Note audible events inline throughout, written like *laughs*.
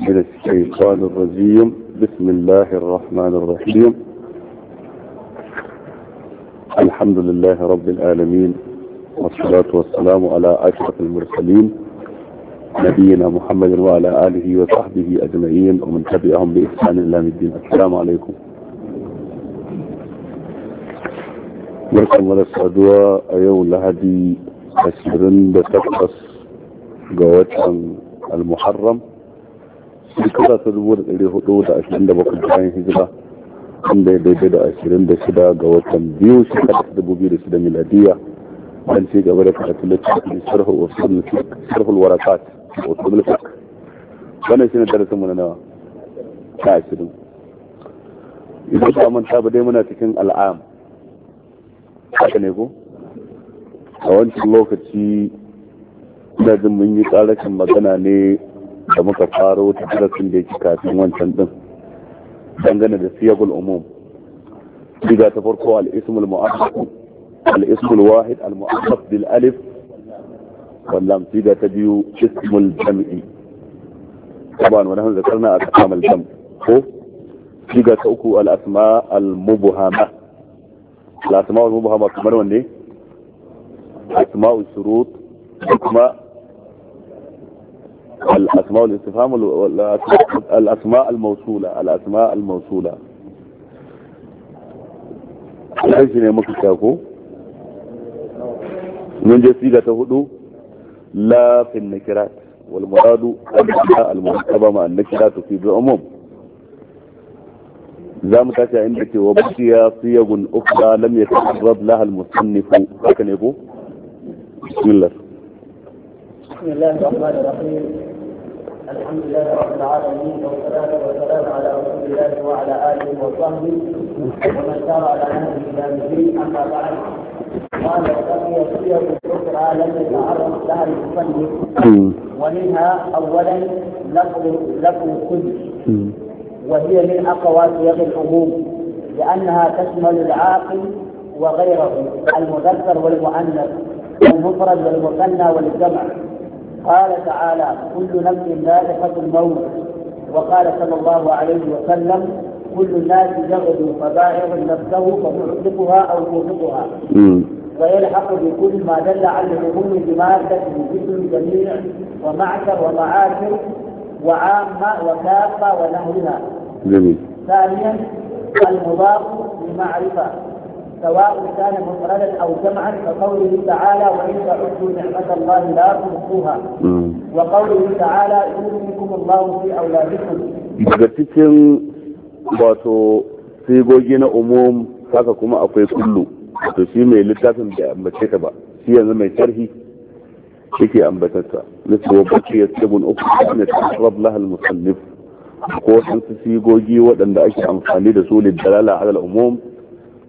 من الشيطان الرجيم بسم الله الرحمن الرحيم الحمد لله رب العالمين والصلاة والسلام على أشرف المرسلين نبينا محمد وعلى آله وصحبه أجمعين ومن تبعهم بإحسان الله الدين السلام عليكم barkan da saduwa a yau أسرن 28 ga المحرم shekara ta dubu da ɗari hudu da ashirin da bakwai bayan hijira wanda ya daidai da ashirin da shida ga watan biyu shekara ta dubu biyu da shida miladiya dan ci gaba da karatun littafin sharhul usul sharhul warakat usul fiqh wannan ne darasin mu na ta ashirin idan ba manta ba dai muna cikin al'am haka ne ko a wancan lokaci ina jin mun yi tsarakin magana ne da muka faro ta darasin da yake kafin wancan din dangane da siyagul umum diga ta farko al ismul al-mu'akkad al wahid al-mu'akkad bil alif wallam diga ta biyu ism al-jam'i taban wannan zakarna a kasam al-jam ko diga ta uku al-asma al-mubhama al-asma al-mubhama kamar wanne asma'u shurut kuma الأسماء الاستفهام الأسماء الموصولة الأسماء الموصولة ليش نمك شاكو من جسيقة هدو لا في النكرات والمراد الأسماء المرتبة مع النكرات في العموم زام تاتي عندك وبقي صيغ أخرى لم يتعرض لها المصنف هكذا يقول بسم الله بسم الله الرحمن الرحيم الحمد لله رب العالمين والصلاة والسلام على رسول الله وعلى آله وصحبه ومن سار على نهج الجامعين أما بعد قال وبقي سيره أخرى لم يتعرض لها المصنف ومنها أولا لفظ لفظ كل وهي من أقوى سياق العموم لأنها تشمل العاقل وغيره المذكر والمؤنث المفرد والمثنى والجمع قال تعالى كل نفس ذائقة الموت وقال صلى الله عليه وسلم كل الناس يغدو فبائع نفسه فمعتقها او موثقها ويلحق بكل ما دل على العموم بمادة جسم جميع ومعشر ومعاشر وعامة وكافة ونحوها. جميل. ثانيا المضاف لمعرفة سواء كان مفردا او جمعا كقوله تعالى وان تعدوا نعمه الله لا تنسوها وقوله تعالى يؤمنكم الله في اولادكم daga cikin wato sigogi na umum haka kuma akwai kullu to shi mai littafin da ambace ta ba shi yanzu mai sharhi yake ambatarsa na cewa baki ya tsibin uku ne ta lahal musallif ko sun su sigogi waɗanda ake amfani da su lidalala alal umum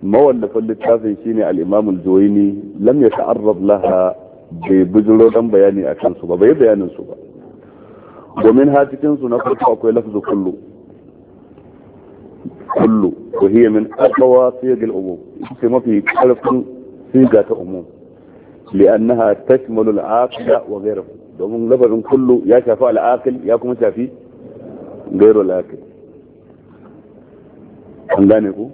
mawallafin littafin shine al-imam al-juwayni ya yata'arrab laha bai bujiro dan bayani a kansu ba bai bayanin su ba domin ha cikin su na farko akwai lafzu kullu kullu wa hiya min aqwa siyaq al-umum ita mafi karfin siga ta umum li'annaha tashmalu al-aqida wa ghayruhu domin lafazin kullu ya shafi al-aqil ya kuma shafi ghayru al-aqil an gane ku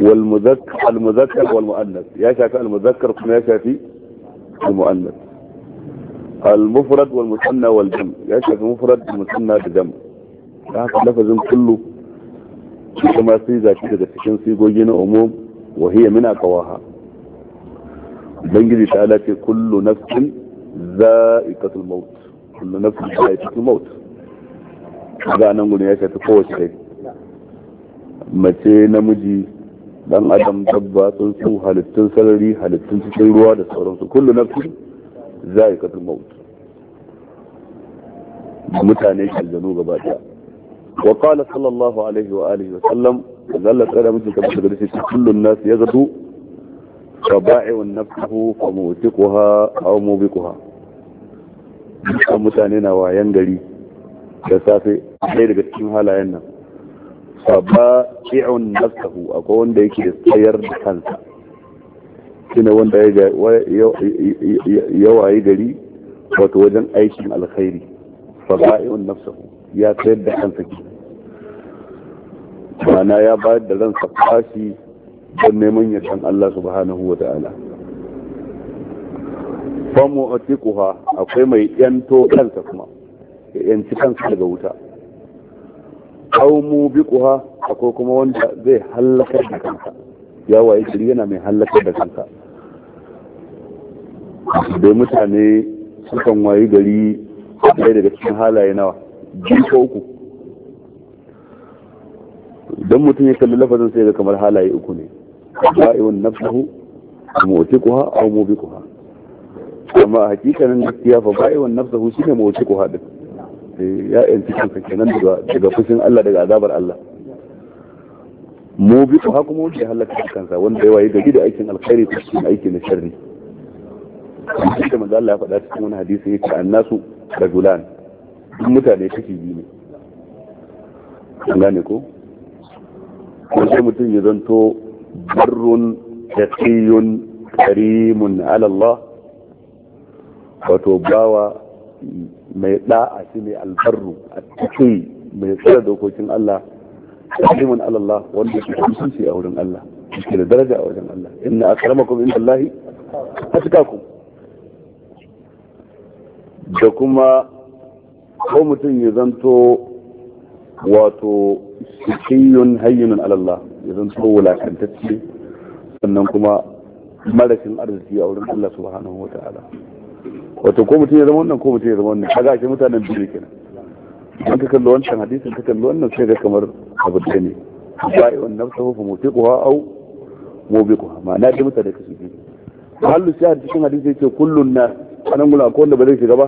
والمذكر المذكر والمؤنث يا شافي المذكر كما يا شافي المؤنث المفرد والمثنى والجمع يا شافي مفرد المثنى والجمع haka lafazin kullu shi kuma sai zaki daga cikin sigogi na umum wa hiya min aqwaha ubangiji ta ala ce kullu nafsin za'iqatul maut kullu nafsin za'iqatul maut ga nan gurin ya shafi kowace kai mace namiji dan adam dabba tsuntsu halittun sarari halittun cikin ruwa da sauransu kullu nafsi za'iqatul maut mutane shaldanu gaba daya wa qala sallallahu alaihi wa alihi wa sallam zalla tsara mutum kamar da gaske kullu nas yazadu فبائع نفسه فموثقها او موبقها dukkan mutane na wayan gari da safe Sai daga cikin halayen nan fa ci'un nafsahu akwai wanda yake tsayar da kansa shine wanda ya waye gari wato wajen aikin alkhairi fa ba'i'un nafsahu ya tsayar da kansa ke ma'ana ya bayar da ran fashi don neman san Allah subhanahu wa ta'ala famu atiquha akwai mai yanto kansa kuma yanci kansa daga wuta bi mubiquha ko kuma wanda zai halakar da kansa ya waye gari yana mai halakar da kansa dai mutane sukan wayi gari ɗaya daga cikin halaye nawa jiko ko uku idan mutum ya kalli lafazin sai ga kamar halaye uku ne ba'iwun nafsahu mu'tiquha bi kuha amma hakikanin gaskiya fa ba'iwun nafsahu shine mu'tiquha duk Eh, ya yanci kansa kenan daga fushin Allah daga azabar Allah mu bi ko hakumu wuce halaka kansa wanda ya waye gari da aikin alkhairi ko cikin aikin na sharri da manzo Allah ya faɗa cikin wani hadisi yake annasu rajulan duk mutane kake yi ne an gane ko ko sai mutum ya zanto barrun taqiyun karimun ala Allah wato bawa mai da'a shi ne albarru a cikin mai tsara dokokin Allah alimun Allah wanda ke kusurci a wurin Allah ke da daraja a wajen Allah inna akramakum inda Allah atqakum da kuma ko mutum ya zanto wato shikiyun hayyinun Allah ya zanto wulakantacce sannan kuma marashin arziki a wurin Allah subhanahu wa ta'ala wato ko mutum ya zama wannan ko mutum ya zama wannan haga shi mutanen biyu kenan an ka kalli wancan hadisin ka kalli wannan sai ga kamar abu da ne ba'i wannan nafsa fa mutiquha aw mubiquha ma'ana da mutane kasu biyu hallu sai cikin hadisi yake kullun na anan gula ko wanda ba zai shiga ba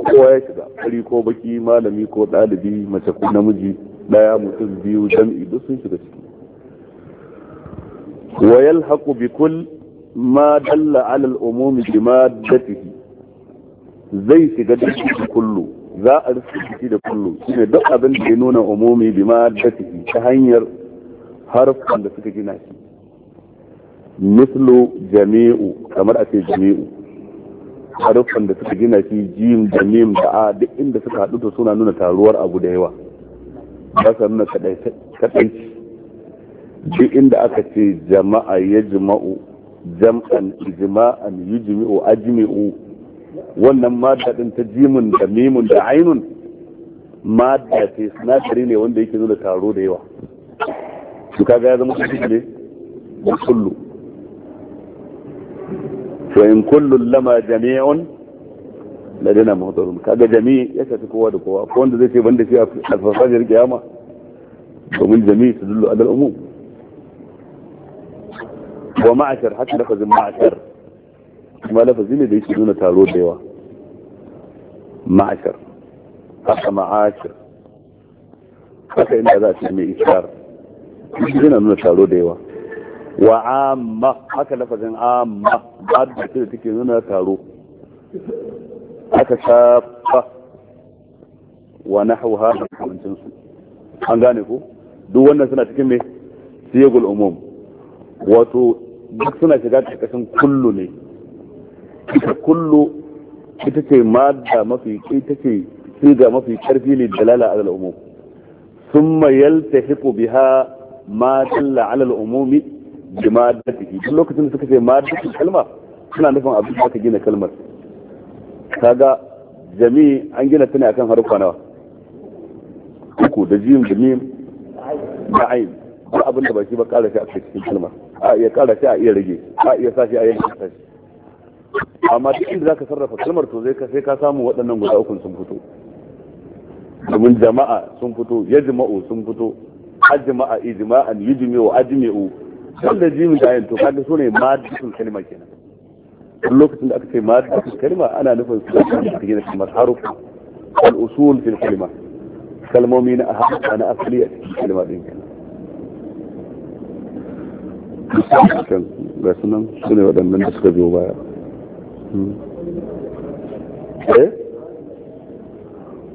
ko ya shiga fari ko baki malami ko dalibi mace ko namiji daya mutum biyu jami'i duk sun shiga ciki wa yalhaqu bi kull ma dalla ala al-umum bi maddatihi zai shiga da kullu za a rufe da kullu shine duk abin da ya nuna umumi bi ma ta hanyar harfan da suka gina shi mislu jami'u kamar a ce jami'u harfan da suka gina shi jim da mim da a duk inda suka haɗu to suna nuna taruwar abu da yawa ba sa nuna kaɗanci duk inda aka ce jama'a ya jima'u jam'an ijma'an yujmi'u ajmi'u wannan madda din ta jimin da mimun da ainun madda ce sinadari ne wanda yake nuna taro da yawa su kaga ya zama kusurci ne da kullu fa in kullun lama jami'un ladina muhdarun kaga jami'i ya shafi kowa da kowa ko wanda zai ce banda shi a farfajiyar kiyama domin jami'i su dullu a umum wa ma'ashar haka lafazin ma'ashar kuma lafazi ne da yake nuna taro da yawa ma'ashar haka ma'ashar haka inda za a ce mai iskar yana nuna taro da yawa wa amma haka lafazin amma ba da ce da take nuna taro haka shafa wa nahawu ha da kamancinsu an gane ko duk wannan suna cikin mai siyagul umum wato duk suna shiga cikin kullu ne ita kullu ita ce madda mafi ita ce siga mafi karfi ne dalala ala ta thumma yaltahiqu biha ma dalla ala al'umumi bi maddatihi duk lokacin da suka ce da kalma suna nufin abin da aka gina kalmar kaga jami an gina ta ne akan harufa nawa uku da jim da mim da ayin duk abin da ba shi ba kara shi a cikin kalmar a iya kara shi a iya rage a iya sashi a iya sashi amma duk inda zaka sarrafa kalmar to zai ka sai ka samu waɗannan guda uku sun fito domin jama'a sun fito yajma'u sun fito ajma'a ijma'an yujmi'u ajmi'u wanda jimin da ayin to kaga sune maddatul kalma kenan lokacin da aka ce maddatul kalma ana nufin su da cikin kalmar haruf al usul fil kalma kalmomi na ahad na asali a cikin kalma din kenan ga sunan su ne waɗannan da suka zo baya Eh?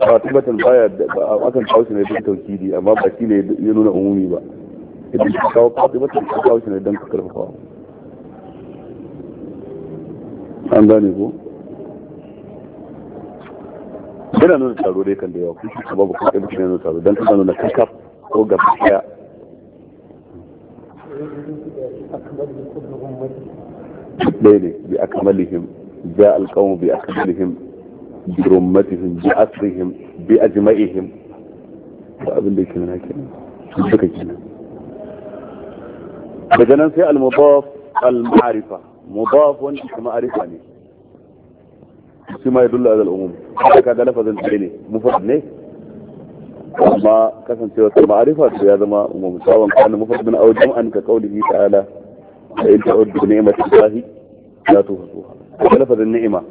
a tabbatar baya da akan kawo shi don taukidi amma ba shi ne ya nuna umumi ba idan ka kawo tabbatar ka kawo shi ne don ka karfafa an gane ko yana nuna taro dai kan da yawa kuma shi babu kuma ɗaya nuna taro don kuma nuna kakaf ko gaba ɗaya ɗaya ne bi akamalihim جاء القوم بأخذلهم برمتهم بأسرهم بأجمئهم فأبن لي كنا كنا بك كنا بجنان في المضاف المعرفة مضاف كما أعرفني كما يدل هذا الأمم حتى هذا لفظ إليني مفردني ما كسن سوى المعرفة في هذا ما أمم سواء كان مفرد من أوجه جمعا كقوله تعالى فإن تعود بنعمة الله لا تفرقوها da lafazin ni'ima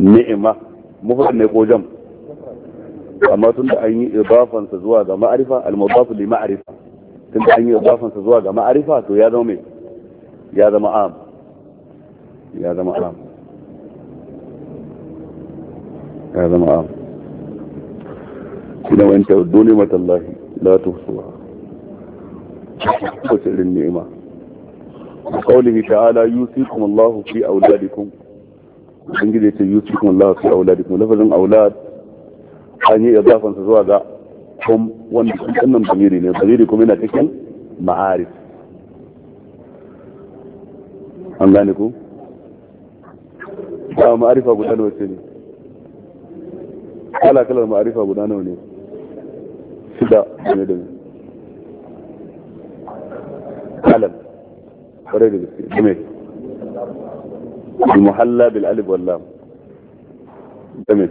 ni'ima ne ko jam amma tun an yi idafansa zuwa ga ma'arifa al-mudafu li ma'arifa tun da an yi idafansa zuwa ga ma'arifa to ya zama me ya zama am ya zama am ya zama am wanta qawlihi ta'ala yusikum Allahu fi auladikum ubangiji ce yusikum Allahu fi auladikum lafazin aulad an yi idafan sa zuwa ga kum wanda sunan zamiri ne zamiri kuma yana cikin ma'arif an gane ku ba ma'arifa guda nawa ce ne kala kalar ma'arifa guda nawa ne shida ne da ne kalam kwarai جميل المحلى بالالف واللام جميل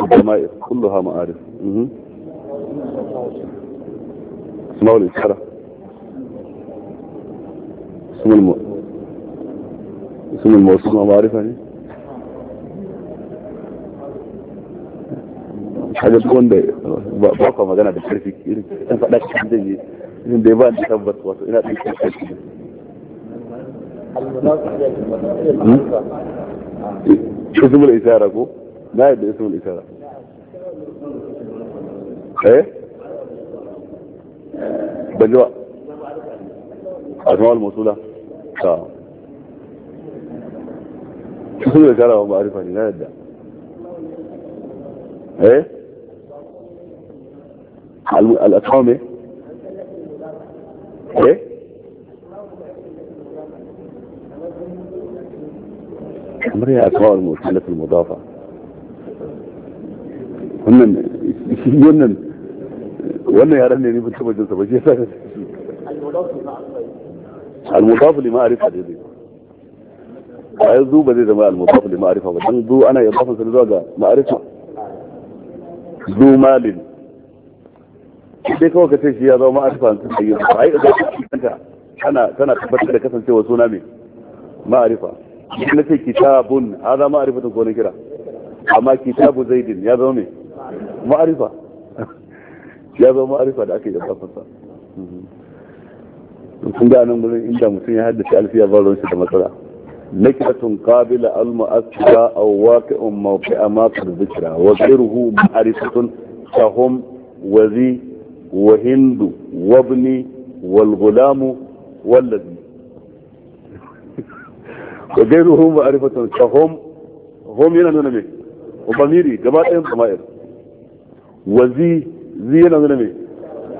الضمائر كلها مآرف اسمه الإشارة اسم الم... اسم الموسم معرفة يعني حاجة تكون ده باقة مجانا بالحرفي كتير انا فقدك حد من اسم الإشارة كو ما يبدو اسم الإشارة ايه بجوا أسماء الموصولة آه. اسم الإشارة هو معرفة لا يبدأ ايه الأسحامي ايه امر اقوال مثلث المضافه هم يقولون ولا يا رب اني بنت بجد بجد المضاف مع المضاف اللي ما اعرفه جديد عايزو بدي ما المضاف اللي ما اعرفه بدي انا اضافه لزوجه ما اعرفه ذو مال dai kawai ka ce shi ya zama ma'arifa sun ayyuka a yi ɗaga tana tana tabbatar da kasancewa suna mai ma'arifa shi na ce kitabun a za ma'arifatun ko na kira amma kitabu zaidin ya zama mai ma'arifa ya zama ma'arifa da aka yi ƙafafunsa sun ga nan gurin inda mutum ya haddace alfiya ba ruwan shi da matsala نكرة قابلة أو المؤثرة أو واقع موقع ما قد ذكرها وغيره معرفة فهم وذي وهند وابني والغلام والذي وغيرهم معرفة فهم هم ينا نونا مي وبميري جماعتهم ضمائر وزي زي ينا نونا مي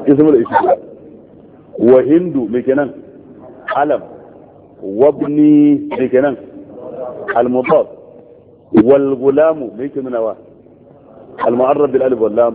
اسم الاشي وهند مكنان علم وابني مكنان المضاف والغلام مكنان المعرب بالالف واللام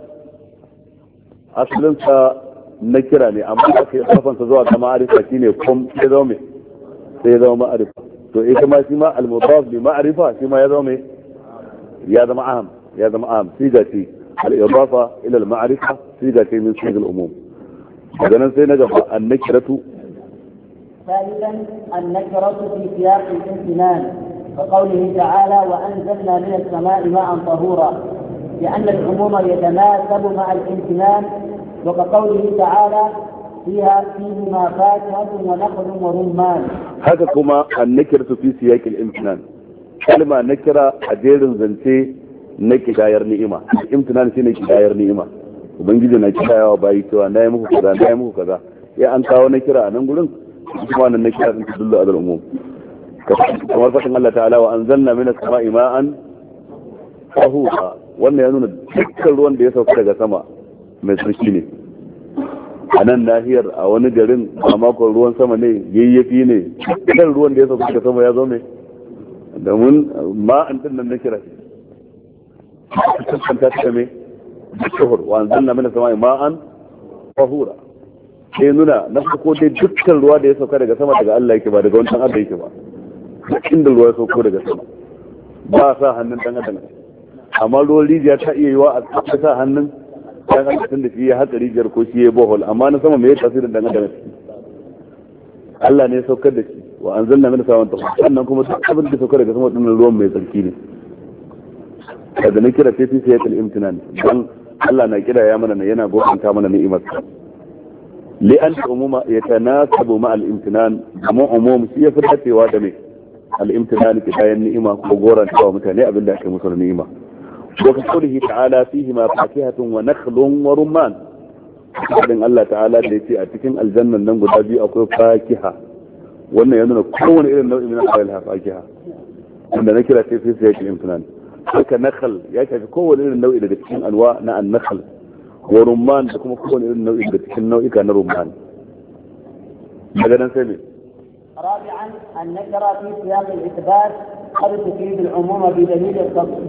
asalinsa na kira ne amma aka yi kafansa zuwa ga ma'arifa shine kum sai zama mai sai zama ma'arifa to ita ma shi ma al-mudaf bi ma'arifa shi ma ya zama mai ya zama aham ya zama aham siga ce al-idafa ila al-ma'rifa siga ce min sigal umum daga nan sai na gaba an-nakiratu ثالثا النكرة في سياق الامتنان كقوله تعالى وأنزلنا من السماء ماء طهورا لأن العموم يتناسب مع الامتنان وكقوله تعالى فيها فيهما فاكهة ونخل ورمان هذا كما النكرة في سياق الامتنان كلمة نكرة أجير زنتي نكي غير نيما. الامتنان في نكي غير نئمة وبنجد نكي وبايتوا نايمه كذا نايمه كذا يا أنت هو نكرة نقولن كما النكرة تدل على العموم كما رفعت الله تعالى وأنزلنا من السماء ماء فهو wannan ya nuna dukkan ruwan da ya sauka daga sama mai tsarki ne a nan nahiyar a wani garin a makon ruwan sama ne yayyafi ne dukkan ruwan da ya sauka daga sama ya zo ne domin ma'an din nan na kira shi kan ta ta me shuhur wa anzalna sama samai ma'an fahura sai nuna na farko dai dukkan ruwa da ya sauka daga sama daga Allah yake ba daga wani dan yake ba inda ruwa ya sauko daga sama ba sa hannun dan adam amma ruwan rijiya ta iya yiwa a kasa hannun dan adam da shi ya haka rijiyar ko shi ya yi bohol amma na sama mai ya tasirin dan adam Allah ne ya saukar da shi wa an zanna min sawan ta sannan kuma duk abin da saukar daga sama dinnan ruwan mai tsarki ne daga na kira sai sai yakal imtinan dan Allah na kira ya mana yana gobanta mana ni'imar li an umuma yatanasabu ma al imtinan amma umum shi ya fi dacewa da mai al imtinan ki bayan ni'ima ko goran wa mutane abin da ake musu ni'ima وفي قوله تعالى فيهما فاكهة ونخل ورمان فإن الله تعالى ليتي أتكن الجنة ننقل دابي أقول فاكهة وانا يمنى كون إلى النوع من أحوال فاكهة عندما نكرة في سيئة الإمكنان فك نخل يعني في كون إلى النوع إلى تكن أنواع ناء النخل ورمان تكون كون إلى النوع إلى تكن نوع إلى رمان ماذا نسمي؟ رابعا النكرة في سياق الإثبات قد تفيد العموم بدليل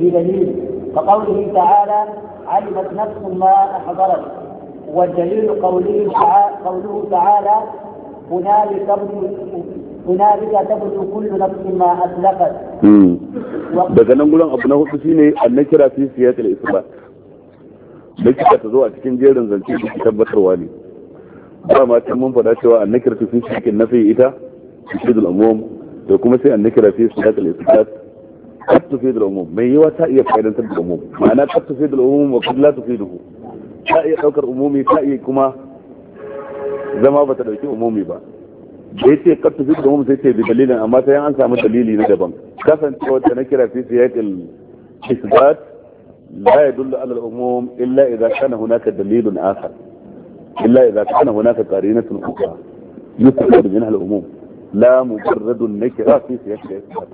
بدليل وقوله تعالى علمت نفس ما احضرت والدليل قوله تعالى قوله تعالى هنالك هنالك تبدو كل نفس ما اسلفت. امم. نقول ابن هو تسيني ان نكر في سياسه الاثبات. لكي تتزوج تكون جيرن زنتي تثبت روالي. ba ma can mun faɗa cewa annakira tufin shi cikin nafi ita shi da al'umum da kuma sai قد تفيد العموم ما هي فعلا تفيد العموم معنى قد تفيد العموم وقد لا تفيده فأي حوكر عمومي فأي كما زمابة لكي عمومي با جيتي قد تفيد العموم سيتي بدليل اما سيانسا اما دليلي ندبا كافا انت قد تنكر في سياق الاسبات لا يدل على العموم الا اذا كان هناك دليل اخر الا اذا كان هناك قرينة اخرى يتفيد منها العموم لا مجرد النكرة في سياق الاسبات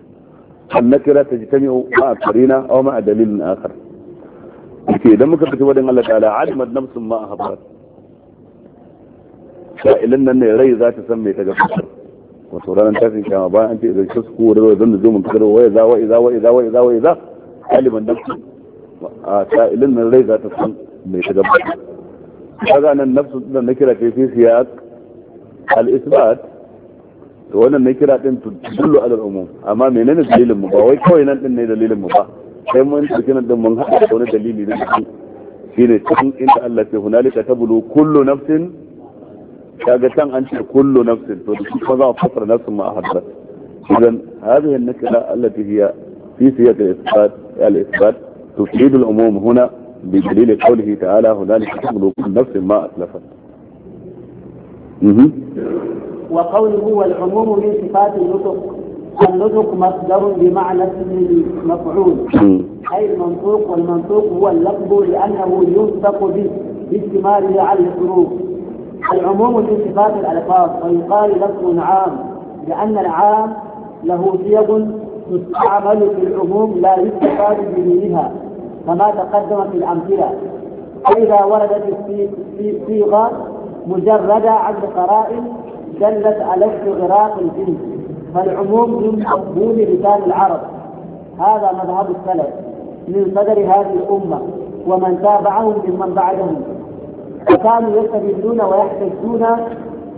النكرة تجتمع مع قرينة أو مع دليل آخر في دمك كتب ودن الله تعالى عدم النمس ما أحضرت فإلا أن الرئي ذات سمي تجفر وصورانا تاسي كما باع أنت إذا شسكو ورغو ذن نزوم انتقر وإذا وإذا وإذا وإذا وإذا علم النفس فإلا أن الرئي ذات سمي تجفر هذا أن النفس نكرة في سياق الإثبات to wannan na kira din tudullu alal umum amma menene dalilin mu ba wai kawai nan din ne dalilin mu ba sai mun tafi nan din mun haɗa da wani dalili ne shine tun inda Allah ce hunalika tabulu kullu nafsin kaga tan an ce kullu nafsin to duk kuma za a fasara nafsin ma a hadrat idan hadhihi an-nakira allati hiya fi siyaq al-isbat al-isbat tufid al-umum huna بدليل قوله تعالى هنالك تبلغ كل نفس ما اسلفت. وقوله والعموم من صفات النطق النطق مصدر بمعنى اسم المفعول أي المنطوق والمنطوق هو اللفظ لأنه ينطق به باستماره على الحروف العموم من صفات الألفاظ ويقال لفظ عام لأن العام له صيغ تستعمل في العموم لا يستفاد بدونها كما تقدم في الأمثلة فإذا وردت الصيغة مجردة عن قرائن دلت على اسم عراق الجنس فالعموم من مقبول لسان العرب هذا مذهب السلف من صدر هذه الأمة ومن تابعهم ممن بعدهم فكانوا يستدلون ويحتجون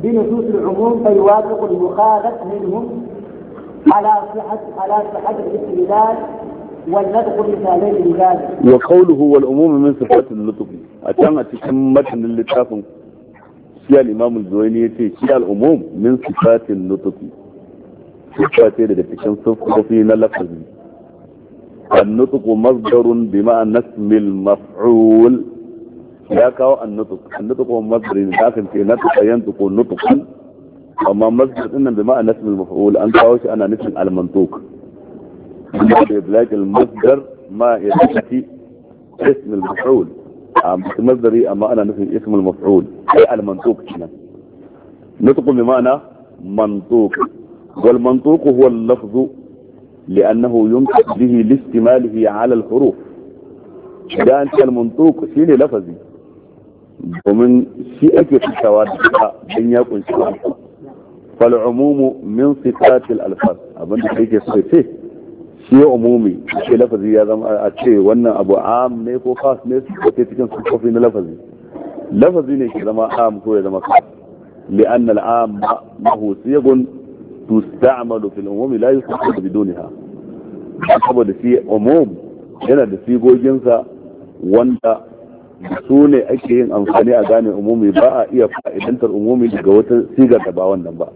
بنصوص العموم فيوافق المخالف منهم على صحة على صحة الاستدلال والنطق بمثالين لذلك. وقوله والعموم من صفات النطق أتمت كم متن للتافه shi al-imam al-zuwaini yace shi al-umum min sifatin nutqi sifa ce daga cikin sifofi na lafazi النطق مصدر بمعنى اسم المفعول ya kawo annutuk annutuk wa masdar da kan ce na tuka yantuku nutukan amma masdar din nan bi ma'ana ismul maf'ul an kawo shi ana nufin al-mantuk da idlaq al-masdar ma yatati ism al-maf'ul مصدري أما أنا نفي اسم المفعول أي المنطوق هنا نطق بمعنى منطوق والمنطوق هو اللفظ لأنه ينطق به لاستماله على الحروف إذا أنت المنطوق شيني لفظي ومن شيء في الشوارع ان يكون فالعموم من صفات الألفاظ اظن حيث يصير shi umumi ce lafazi ya zama a ce wannan abu am ne ko khas ne ko ke cikin sufofi na lafazi lafazi ne ke zama am ko ya zama khas لأن العام له صيغ تستعمل في العموم لا يستعمل بدونها saboda fiye umum yana da sigoginsa wanda su ne ake yin amfani a gane umumi ba a iya fa'idantar umumi daga wata sigar da ba wannan ba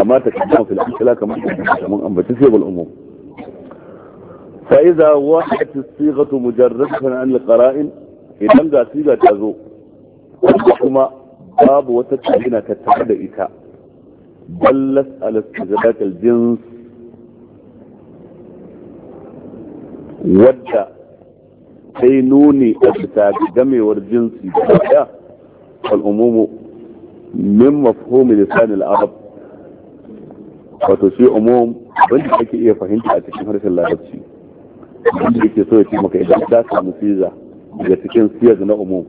amma ta kamar fil kamar da mun ambaci sai umum فإذا واحد الصيغة مجردة عن القرائن إذا لم تصيغة تزو وحما باب وتتعين كتعد إتا بلس على استجابات الجنس ودى تينوني أبتاك جمع والجنس بلايا والأموم من مفهوم لسان العرب وتشيء أموم بل حكي إيه فهنت أتكلم رسال الله بسيط wanda yake so ya ce maka idan ka samu siga daga cikin siyar na umum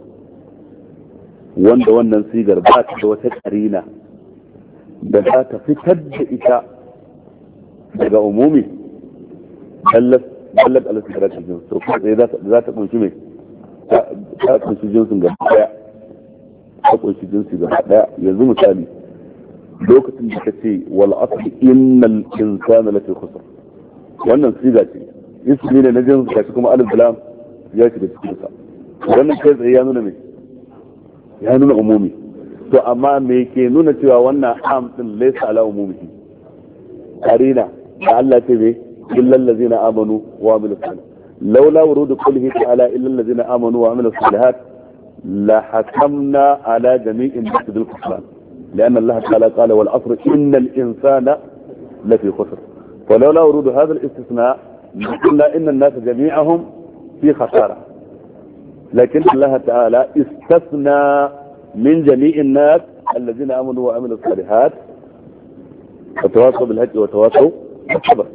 wanda wannan sigar ba ta da wata karina da za ta fitar da ita daga umumi da alasirar cikin so kuma za ta kunshi mai ta kunshi jinsin gaba daya ta kunshi jinsi gaba daya yanzu misali lokacin da ka ce wal asli innal insana lafi khusr wannan siga ce ismi ne na jin kashi kuma alif da lam ya shiga cikin sa wannan kai tsaye ya nuna me ya nuna umumi to amma me ke nuna cewa wannan am din laysa ala umumihi karina da Allah ce me illal ladzina amanu wa amilus salih laula wurudu qawlihi ta'ala illal ladzina amanu wa amilus salihat la hakamna ala jami'in bil qur'an لأن الله تعالى قال والعصر إن الإنسان لفي خسر فلولا ورود هذا الاستثناء قلنا إن الناس جميعهم في خسارة لكن الله تعالى استثنى من جميع الناس الذين امنوا وعملوا الصالحات وتواصوا بالهج وتواصوا بالصبر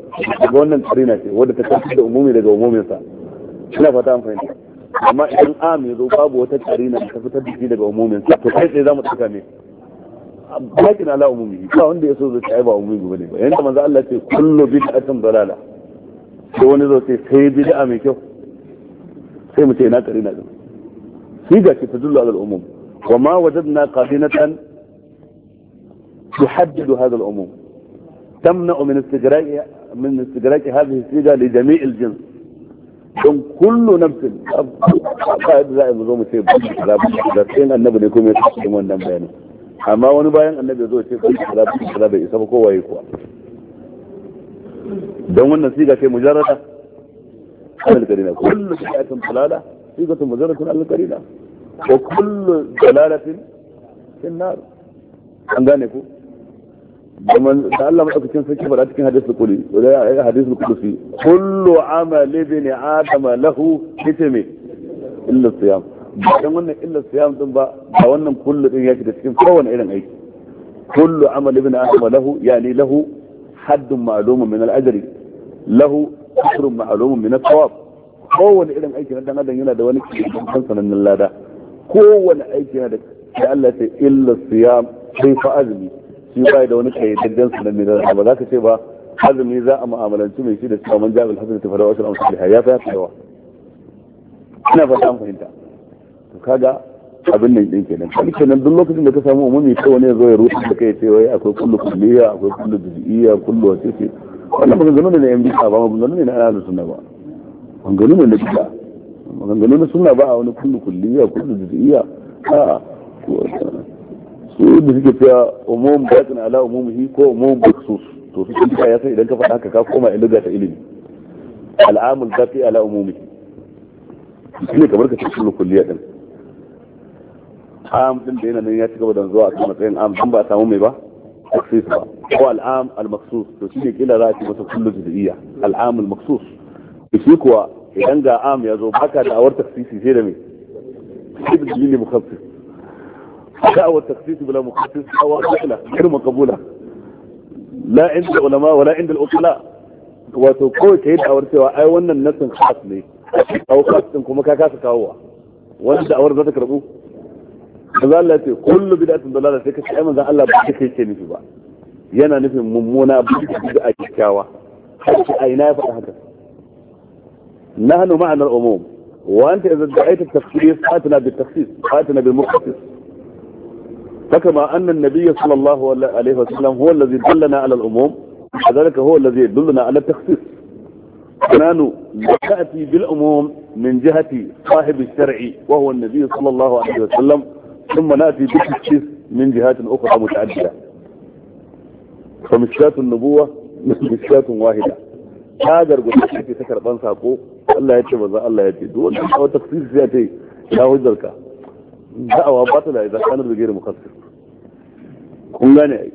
يقولنا نسرينا شيء وده تتكلم عمومي لدى عمومي صح شنا فتان فين اما ان امي ذو وتتكلم تتكلم لدى عمومي صح فكيف اذا متكامي لكن على عمومي لا عندي اسود الشعيبة بني انت ما زال لك كل بدعة ضلالة sai wani zo sai sai bid'a mai kyau sai mu ce na kare na gaba shi ga shi tadullu ala umum wa ma wajadna qadinatan tuhaddidu hadha al-umum tamna'u min istigra'i من استدراك هذه الصيغة لجميع الجنس don kullu nafsin ka'id za a zo mu ce zarfin annabi ne kuma ya kasance wannan bayani amma wani bayan annabi ya zo ce kaza da bai isa ba kowaye kuwa don wannan siga ce mujarrada alal karina kullu shi'atin dalala ta mujarrada alal karina wa kullu dalalatin fin nar an gane ku kuma da Allah madaukakin sarki faɗa cikin hadisul qudsi da eh, hadisul qudsi kullu amal ibn adam lahu kitme illa siyam dan wannan illa siyam din ba ba wannan kullu din yake da cikin kowane irin aiki kullu amal ibn adam lahu yani lahu haddun ma'lumun min al-ajri lahu ajrun ma'lumun min al irin aiki na dan adam yana da wani kan sanannen lada kowane aiki yana da ya Allah ta illa siyam sai fa azumi shi bai da wani kayyadadden sanannen lada ba za ka ce ba azumi za a mu'amalanci mai shi da cewa man jabal hasan ta fara wasu amsalha ya fa yawa ina fata an fahimta to kaga abin nan din kenan kuma kenan duk lokacin da ka samu umumi ko wani zo ya rusa da kai cewa akwai kullu kulliya akwai kullu juz'iyya kullu ce wannan maganganu ne na yan bisa ba maganganu ne na da sunna ba maganganu ne na bid'a maganganu na sunna ba a wani kullu kulliya kullu juz'iyya a su da suke fiya umum na ala umumihi ko umum su to su kuma ya san idan ka faɗa haka ka koma iliga ta ilimi al'amul zafi ala umumihi shi ne kamar ka ce kullu kulliya din am din da yana nan ya ci gaba da zuwa a matsayin am din ba a samu mai ba taksis ba ko al'am al-maksus to shi ne kila za a ci masa kullu juz'iyya al'am al-maksus shi kuwa idan ga am ya zo baka da awar taksisi sai da me sai da ne mukhassis da'awar taksisi bila mukhassis awar kula girma kabula la inda ulama wala inda al-uqala wato kawai ka yi da'awar cewa ai wannan nasin khas ne kawo khas din kuma ka kasa kawowa wani da'awar za ta karbu نحن معنى الأموم وانت اذا دعيت التخصيص فاتنا بالتخصيص فاتنا بالمخصص فكما ان النبي صلى الله عليه وسلم هو الذي دلنا على الأموم كذلك هو الذي يدلنا على التخصيص نحن نتأتي بالأموم من جهة صاحب الشرع وهو النبي صلى الله عليه وسلم ثم نأتي بالتشخيص من جهات أخرى متعددة فمشكات النبوة مشكات واحدة هذا الرجل التي تكربان ساقو الله يتبع الله يتبع هو تخصيص سياتي لا وزرك دعوة باطلة إذا كان بغير مخصص كن غني أي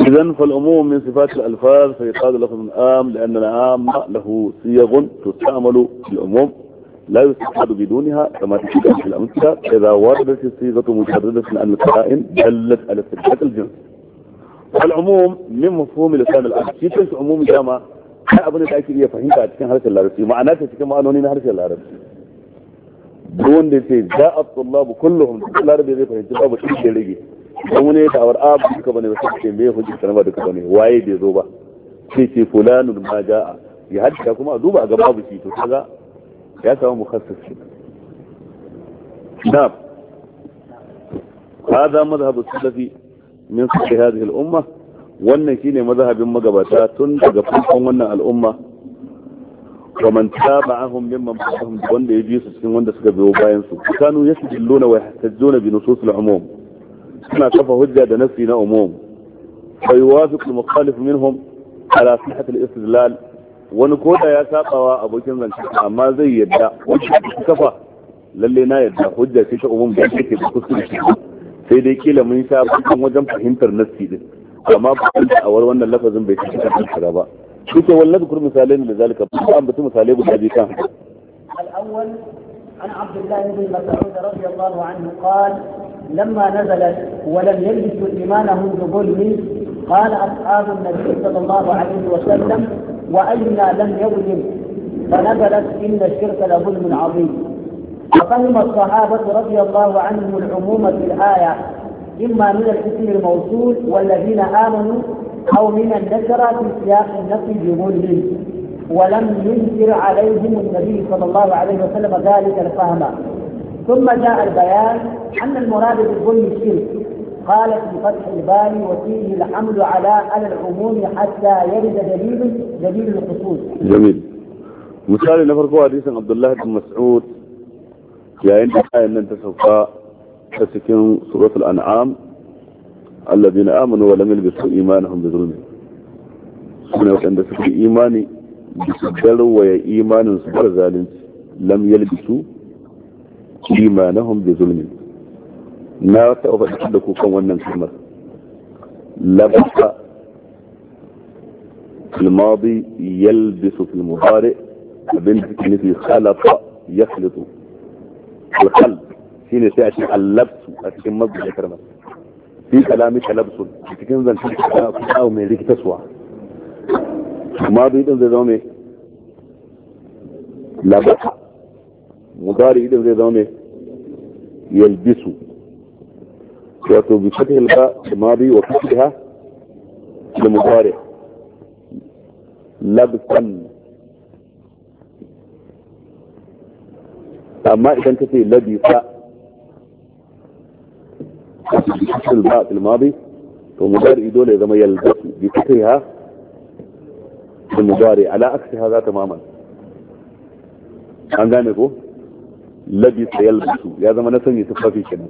إذن فالعموم من صفات الألفاظ فيقال لفظ عام لأن العام له صيغ تستعمل في العموم لا يستفاد بدونها كما تشكل في الأمثلة إذا وردت الصيغة مجردة عن القرائن دلت على استبحاك الجنس والعموم من مفهوم لسان العرب shi kansu umumi dama har abin da ake iya fahimta a cikin harshen larabci ma'ana ta cikin ma'anoni na harshen larabci duk wanda ce za a tsallabu kullum duk larabi zai fahimci babu ɗin da rage don wani ya tawar a ba duka bane ba sai ce mai hujji ba duka bane waye bai zo ba sai ya kuma a duba a ga babu shi ياتى ومخفف نعم هذا مذهب السلفي من صحيح هذه الأمة والنسيني مذهب مقبتا تنتقفهم من الأمة ومن تابعهم ممن بعضهم بوند يجيس السكين وند سكبه وباينسو كانوا يسجلون ويحتجون بنصوص العموم سنع كفى هجة نفسنا عموم فيوافق المخالف منهم على صحة الاستدلال wani koda ya sabawa abokin zance amma zai yadda wacce kafa lalle na yadda hujja ce ta umum da take da kuskure sai dai kila mun sa bakin wajen fahimtar nassi din amma ba a war wannan lafazin bai ci ta kankara ba kuke wallahi kur misalai da zalika ba an batu misalai guda biyu kan al-awwal an abdullah ibn mas'ud radiyallahu anhu qala لما نزلت ولم يلبسوا ايمانهم بظلم قال اصحاب النبي صلى الله عليه وسلم وأينا لم يظلم فنزلت إن الشرك لظلم عظيم وفهم الصحابة رضي الله عنهم العموم في الآية إما من الاسم الموصول والذين آمنوا أو من النكرة في سياق النفي بظلم ولم ينكر عليهم النبي صلى الله عليه وسلم ذلك الفهم ثم جاء البيان أن المراد بالظلم الشرك قالت بفتح البال وفيه الحمل على على العموم حتى يرد دليل دليل الخصوص. جميل. مثال نفر قوة حديث عبد الله بن مسعود يا انت ان انت سوف تسكن سورة الانعام الذين امنوا ولم يلبسوا ايمانهم بظلم. من يوقع عند ايماني بسجلوا ويا ايمان سبر لم يلبسوا ايمانهم بظلم. na taɓa faɗi da ku kan wannan kalmar labasa الماضي يلبس في المضارع بنت نفي خلط يخلط الخلط حين تأتي اللبس أتكن مصدر كرمة في كلامك لبس أتكن ذن أو من ذيك تسوى ماضي إذن ذي ذومي لبس مضارع إذن ذي ذومي يلبس ياتوا بفتح في الماضي وكسرها لمضارع لبسا اما اذا انت في لبسا بفتح الباء في الماضي فمضارع دول اذا ما يلبس بفتحها المضارع على عكس هذا تماما عندنا نقول لبس يلبس يا زلمه نسمي تخفي كده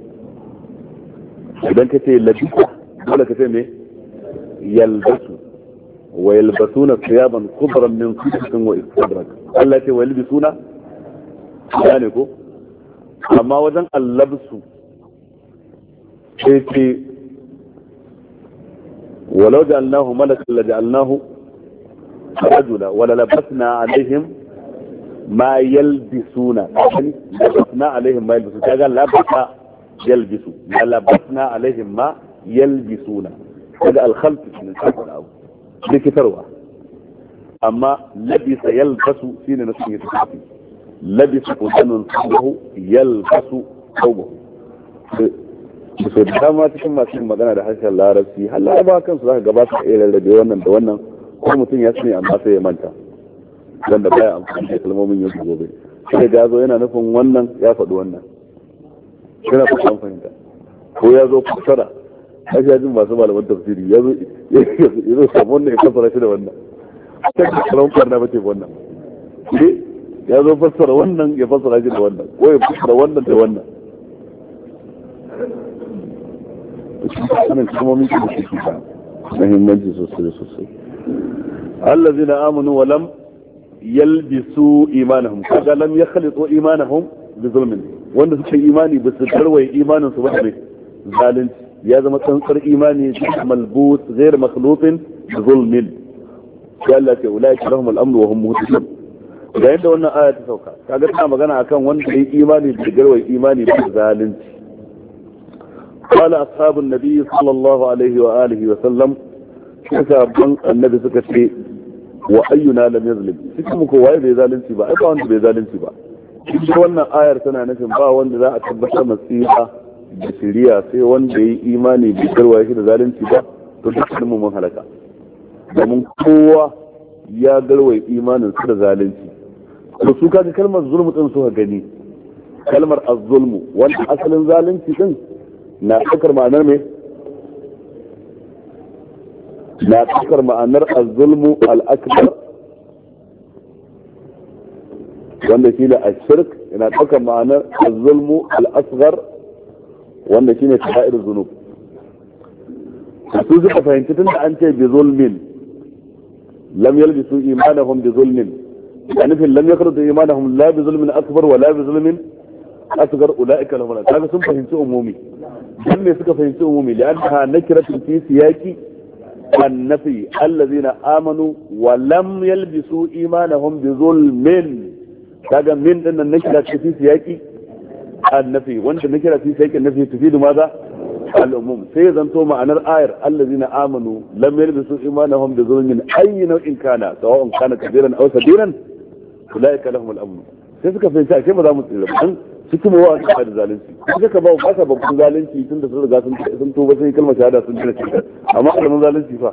idan ka ce labisa dole ka ce me yalbasu wa yalbasuna siyaban kubran min sidatin wa istadrak Allah ce wa yalbisuna ya ne ko amma wajen allabsu sai ce walau ja'alnahu malakan la ja'alnahu rajula wa labasna alaihim ma yalbisuna labasna alaihim ma yalbisuna kaga labasa yalbisu lalabatna alaihim ma yalbisuna daga alkhalt ne sabon abu likitarwa amma labisa yalbasu shine na sun yi tafi labisa kudanun sabahu yalbasu sabahu so da dama cikin masu magana da harshen larabci har laraba kansu za ka gabata iya rarrabe wannan da wannan ko mutum ya sani amma sai ya manta wanda baya amfani da kalmomin yau gobe sai ga zo yana nufin wannan ya faɗi wannan kira ku san fahimta ko ya zo kusura a ya masu malaman tafsiri ya zo ya zo samu wannan ya fassara shi da wannan kan karan kwarna bace wannan ya zo fassara wannan ya fassara shi da wannan ko ya fassara wannan da wannan wannan kuma mun ci shi ba muhimmanci sosai sosai Allah zina amunu walam yalbisu imanahum kaga lam yakhlitu imanahum bi zulmin wanda suka imani ba su tarwaye imanin su ba zalunci ya zama tsantsar imani malbus ghair makhluqin zulmin ya Allah ce ulai karahum al wa hum muhtadun ga yadda wannan aya ta sauka kaga tana magana akan wanda yayi imani da garwaye imani ba zalunci قال أصحاب النبي صلى الله wa وآله وسلم كتابا النبي سكتي وأينا لم يظلم سكمك واي بيزالنسي با أبا bai zalunci ba. ita wannan ayar tana nufin ba wanda za a tabbatar masiha da shiriya sai wanda ya yi imani da karwa shi da zalunci ba to duk mu mun halaka domin kowa ya garwaye imanin su da zalunci to su kaga kalmar zulmu din suka gani kalmar az-zulmu wanda asalin zalunci din na ɗaukar ma'anar me na ɗaukar ma'anar az-zulmu al-akbar wanda shi ne a shirk yana ɗaukar ma'anar azulmu al'asgar wanda shi ne sa'ir zunub su zai suka fahimci tun da an ce bi zulmin lam yalbisu imanahum bi zulmin da nufin lam yakhrudu imanahum la bi zulmin akbar wa la bi zulmin asgar ulaika lahum kaga sun fahimci umumi dan ne suka fahimci umumi an li'annaha nakratun fi an nafi allazina amanu wa lam yalbisu imanahum bi zulmin kaga min din nan nake ce fi siyaki annabi wanda nakira fi siyaki tafi tufidu maza al'umum sai zanto ma'anar ayar allazina amanu lam yalbisu imanahum bi zulmin ayyi nau'in kana sawa'un kana kabiran aw sadiran ulaika lahum al-amn sai suka fahimci a ba za mu tsira ba su kuma wa aka da zalunci sai ka ba ba sa babban zalunci tun da sun riga sun tuba sai kalmar shahada sun tana cikin amma kalmar zalunci fa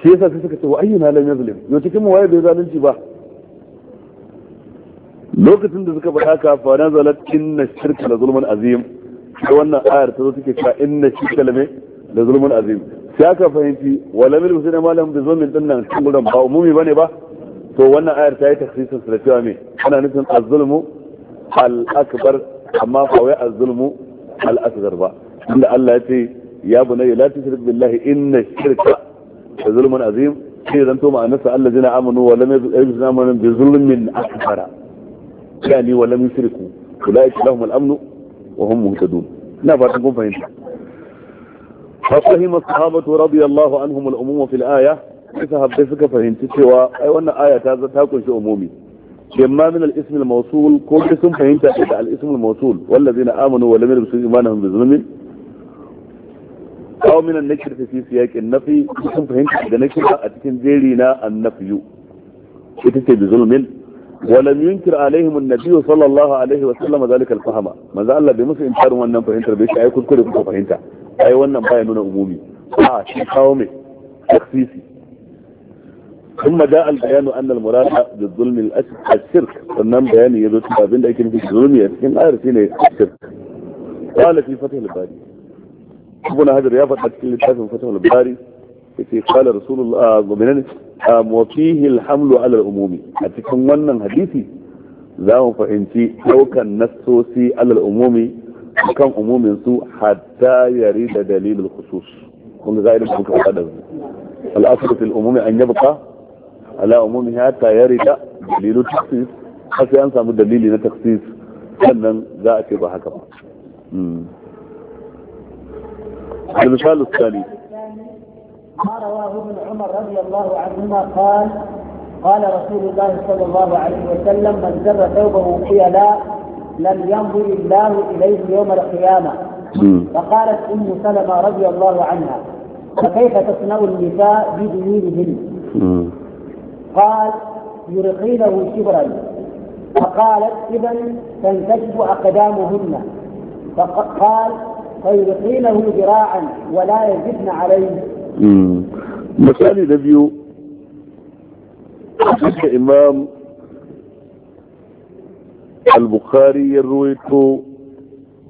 shi yasa sai suka ce wa ayyuna lam yazlim yo cikin mu waye bai zalunci ba lokacin da suka faɗa ka fa na zalat inna shirka la zulmun azim sai wannan ayar ta zo take cewa inna shirka la da zulmun azim sai aka fahimci wala mil musulmi malam bi zulmin din nan cikin gudan ba umumi bane ba to wannan ayar ta yi takhsisin su da cewa me ana nufin az-zulmu al-akbar amma ba wai az-zulmu al-asghar ba inda Allah ya ce ya bunayya la tushrik billahi inna shirka la zulmun azim sai zanto ma'anarsa allazina amanu wala wa lam yuzlamu bi zulmin akbar yani wa lam yusriku ulaika lahum al-amn wa hum muhtadun ina fatan kun fahimta ففهم الصحابة رضي الله عنهم الأموم في الآية sahabbai suka fahimci cewa ai wannan aya ta ta kunshi umumi imma min al-ism al-mawsul ko dai sun fahimta da al-ism al-mawsul wallazina amanu wa lam yalbisu imanahum bi zulmin aw min an-nakir fi siyaq an-nafi sun fahimta da nakira a cikin jeri na an-nafyu ita ce bi zulmin ولم ينكر عليهم النبي صلى الله عليه وسلم ذلك الفهم من ذا الله بمس انكار wannan fahimtar bai ai kuskure kuka fahimta ai wannan baya nuna umumi a shi kawo mai taksisi ثم جاء البيان ان المراد بالظلم الشرك sannan bayani yazo cewa abinda ake nufi zulmi a cikin ayar shine shirk qala fi fath al-bari ibn hajar ya faɗa cikin littafin fath al-bari yace kala rasulullah ah, mu'minin ah, wa alhamlu ala umumi a cikin wannan hadisi za mu fahimci daukan nassosi ala umumi kan umumin su hatta yarida dalilul khusus kun ga irin kuka fada al-aslu fil umumi an yabqa ala umumihi hatta yarida dalilul taksis sai an samu dalili na taksis sannan za a ce ba haka ba المثال hmm. ما رواه ابن عمر رضي الله عنهما قال قال رسول الله صلى الله عليه وسلم من زر ثوبه حيلا لم ينظر الله اليه يوم القيامه فقالت ام سلمه رضي الله عنها فكيف تصنع النساء بدينهن؟ قال يرقينه شبرا فقالت اذا تنكشف اقدامهن فقال فيرقينه ذراعا ولا يزدن عليه Mm. misali na biyu duka imam al-bukhari ya ruwaito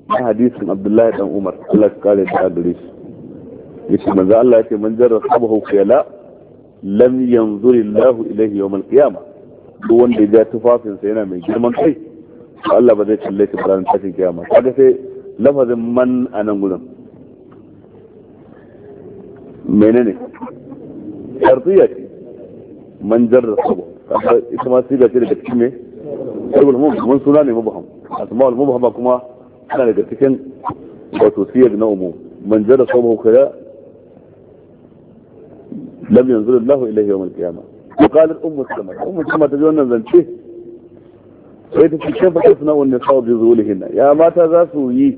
a hadisin abdullahi dan umar allah ka kare da ya ce manzo allah ya ce man jarra sabahu khiyala lam yanzur allah ilayhi yawm al-qiyama duk wanda ya ja tufafinsa yana mai girman kai allah ba zai kalle shi ranar tashin kiyama kaga sai lafazin man a nan gudan menene shartiya ce man jar da sabo ita ma siga ce daga cikin me sabul mun suna ne mubham asma'ul mubhama kuma ana daga cikin wato siyar na umu man jar da sabo kaza lam yanzur Allah ilayhi yawm al-qiyamah wa qalat ummu salama ummu salama ta ji wannan zance sai ta ce kin fata suna wannan sawo bi zulihin ya mata za su yi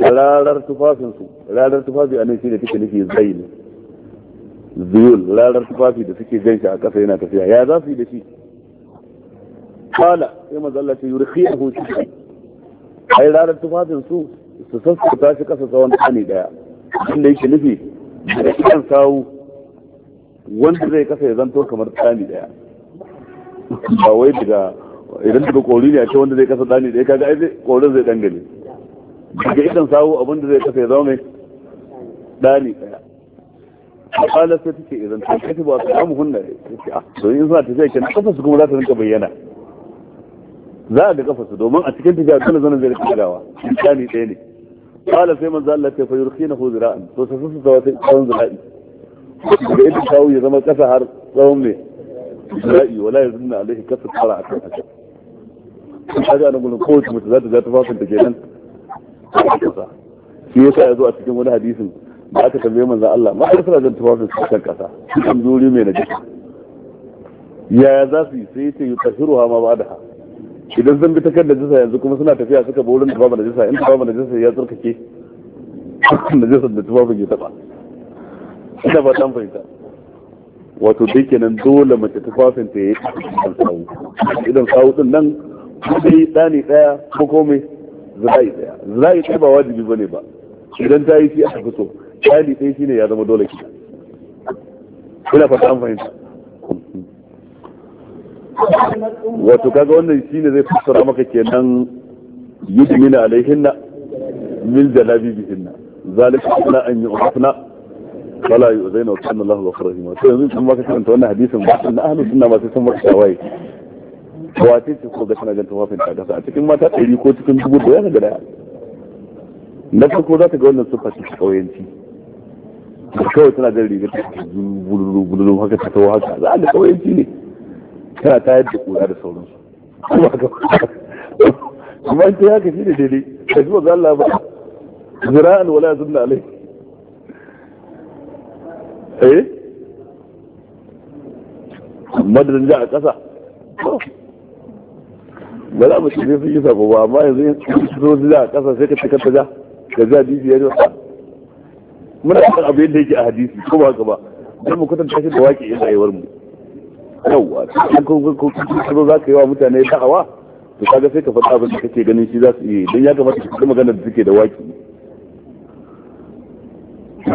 da rarar tufafinsu rarar tufafi a nan shi da take nufi zai ne zuyul larar tufafi da suke jan shi a ƙasa yana tafiya ya za su yi da shi kala sai mazalla ce yurfi a hushi ai larar tufafin su su sassauta shi ƙasa tsawon tani daya inda yake nufi da kan sawu wanda zai kasa ya zanto kamar tani daya ba wai daga idan daga kori ne a ce wanda zai kasa tani daya kaga ai korin zai dangane daga idan sawu abin zai kasa ya zama mai tani daya kala sai take idan ta kace ba su samu hunna sai a ah, to in suna tafiya kenan kafa su kuma za ta rinka bayyana za a ga kafa su domin a cikin tafiya kana zanen zai rinka gawa insani ɗaya ne kala sai manzo Allah ta fa yurkhina hu zira'an to sai su zawa sai tsawon zira'i da yadda kawo ya zama kasa har tsawon mai zira'i wala yazunna alaihi kasu tsara akan haka kaga nan gurin kowace mutu za ta za ta fafin ta kenan shi yasa ya zo a cikin wani hadisin da aka tambaye manzan Allah ma har suna jan tufafin su kan kasa su kan zuri mai najasa yaya za su yi sai ce yi tashiru ha ma ba da ha idan zan bi ta kan najasa yanzu kuma suna tafiya suka bi wurin tufafin najasa in tufafin najasa ya tsarkake hakan *laughs* najasa da tufafin ya taba ina ba tan fahimta wato dai kenan dole mace tufafin ta yi idan sawu idan sawu din nan ko dai dani daya ko komai zira'i daya zira'i daya ba wajibi bane ba idan ta yi shi aka fi so misali ɗaya shine ya zama dole kina ina fata an fahimta wato kaga wannan shine zai fassara maka kenan yudmina alaihinna min bihinna zalika ana an yu'rafna wala yu'zaina wa kana Allahu ghafurur rahim to yanzu kuma ka karanta wannan hadisin ba na ahli sunna ba sai sun waye tawaye wace ce ko ga tana ganta wafin ta gasa a cikin mata ɗari ko cikin dubu da ya ga daya na farko za ta ga wannan sufa ta yanci kawai tana da riga ta gululu haka ta tawo haka za a da kawai ne tana ta yadda kura da sauransu kuma ta haka shi ne daidai ta zuwa wanzu Allah ba zira'an wala ya zunna alai eh madadin da a ƙasa ba za mu shi sun yi sabo ba amma yanzu yin sun zo da a ƙasa sai ka ta kanta ga ka ja bibiyar da muna kan abu yadda yake a hadisi ko ba gaba ba dan mu kwatanta shi da waƙi yin rayuwar mu yawa ko ko ko za ka yi wa mutane da'awa to kaga sai ka faɗa abin da kake ganin shi za su iya dan ya kamata ka faɗi magana da suke da waƙi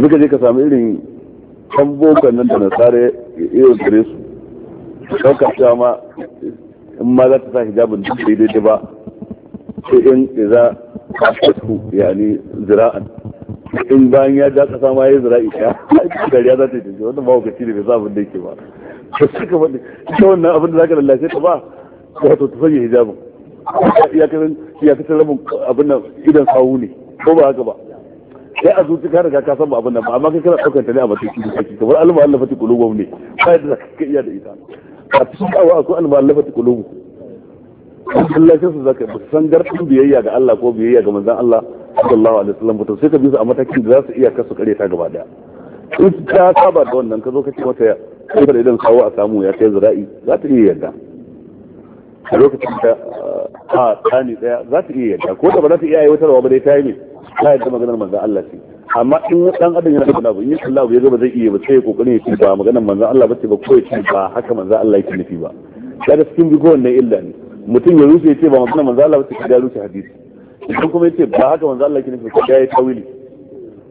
ka je ka samu irin kan bokan nan da ya iya gare su ɗauka cewa ma in ma za ta sa hijabin duk daidai ba sai in za ka fatu yani zira'an in bayan ya ja kasa ma ya zira'i ɗaya dariya *laughs* za ta yi tafiya wannan mahaukaci da bai sa abin da yake ba ta suka faɗi ita wannan abin da za ka lallace ta ba wato ta sanya hijabin ya kasar rabin abin nan idan sawu ne ko ba haka ba sai a zuci ka riga ka san ba abin nan ba amma kai kana ɗaukar ta ne a matakin da saki kamar alma Allah fati kulubum ne ba yadda za ka iya da ita a cikin awa akwai alma Allah fati kulubum Allah sai su zaka san garɗin biyayya ga Allah ko biyayya ga manzon Allah sallallahu alaihi wasallam ba to sai ka bi su a matakin da za su iya kasu kare ta gaba daya in ta saba da wannan ka zo ka ce mata kafar idan sawo a samu ya kai zira'i za ta iya yadda a lokacin da a tsani daya za ta iya yadda ko da ba za ta iya aiwatarwa ba dai ta yi ne ta yadda maganar manzan Allah ce amma in dan adam yana da abu in Allah ya ga ba zai iya ba sai ya kokarin ya ce ba maganar manzan Allah ba ce ba ko ya ce ba haka manzan Allah yake nufi ba cikin bi ko wannan illa ne mutum ya rufe ya ce ba maganar manzon Allah ba ce ka rufe hadisi idan kuma yace ba haka wanzu Allah ke nufi ko yayi tawili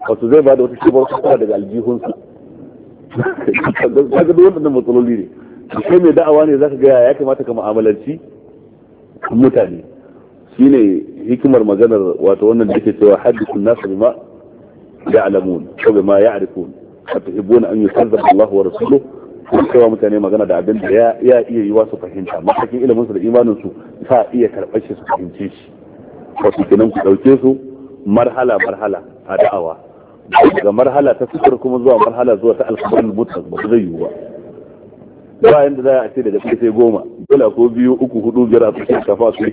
wato zai ba da wata shibar kuma daga aljihunsa kaga duk wannan matsaloli ne kai mai da'awa ne zaka ga ya kamata ka mu'amalanci mutane shine hikimar maganar wato wannan da yake cewa hadithun nas bima ya'lamun ko bima ya'rifun atuhibbuna an yukazzaba Allah wa rasuluhu ko kaiwa mutane magana da abin da ya iya yiwa su fahimta matakin ilimin su da imanin su sa iya karɓar shi su fahimce shi wasu kenan ku ɗauke su marhala marhala a da'awa daga marhala ta fitar kuma zuwa marhala zuwa ta alkhabarin mutas ba zai yiwu ba ba yanda za a ce daga ɗaya sai goma dole ko biyu uku hudu biyar a cikin kafa su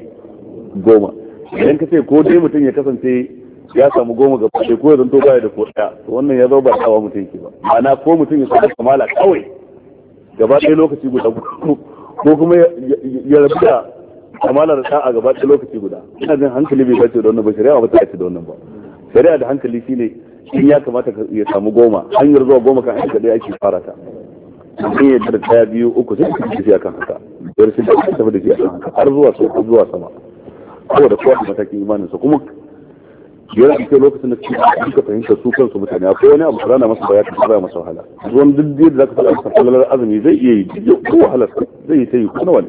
goma idan ka ce ko dai mutum ya kasance ya samu goma ga fashe ko ya zanto baya da ko ɗaya to wannan ya zo ba tsawa mutum ke ba ma'ana ko mutum ya samu kamala kawai gaba ɗaya lokaci guda ko kuma ya rabu da kamalar da a gaba ta lokaci guda ina jin hankali bai bace da wannan ba shari'a ba ta bace da wannan ba shari'a da hankali shine in ya kamata ka ya samu goma hanyar zuwa goma kan hanyar da yake fara ta in ya da daya biyu uku sai ka tafi kan haka biyar sai ka tafi da shi akan haka har zuwa sai zuwa sama da kowa da matakin imanin sa kuma yana cikin lokacin da ka fahimta su kansu mutane akwai wani abu rana masa baya ta ba masa wahala zuwan duk da zaka ta masa falalar azumi zai iya yi duk wahala. zai yi ta yi wani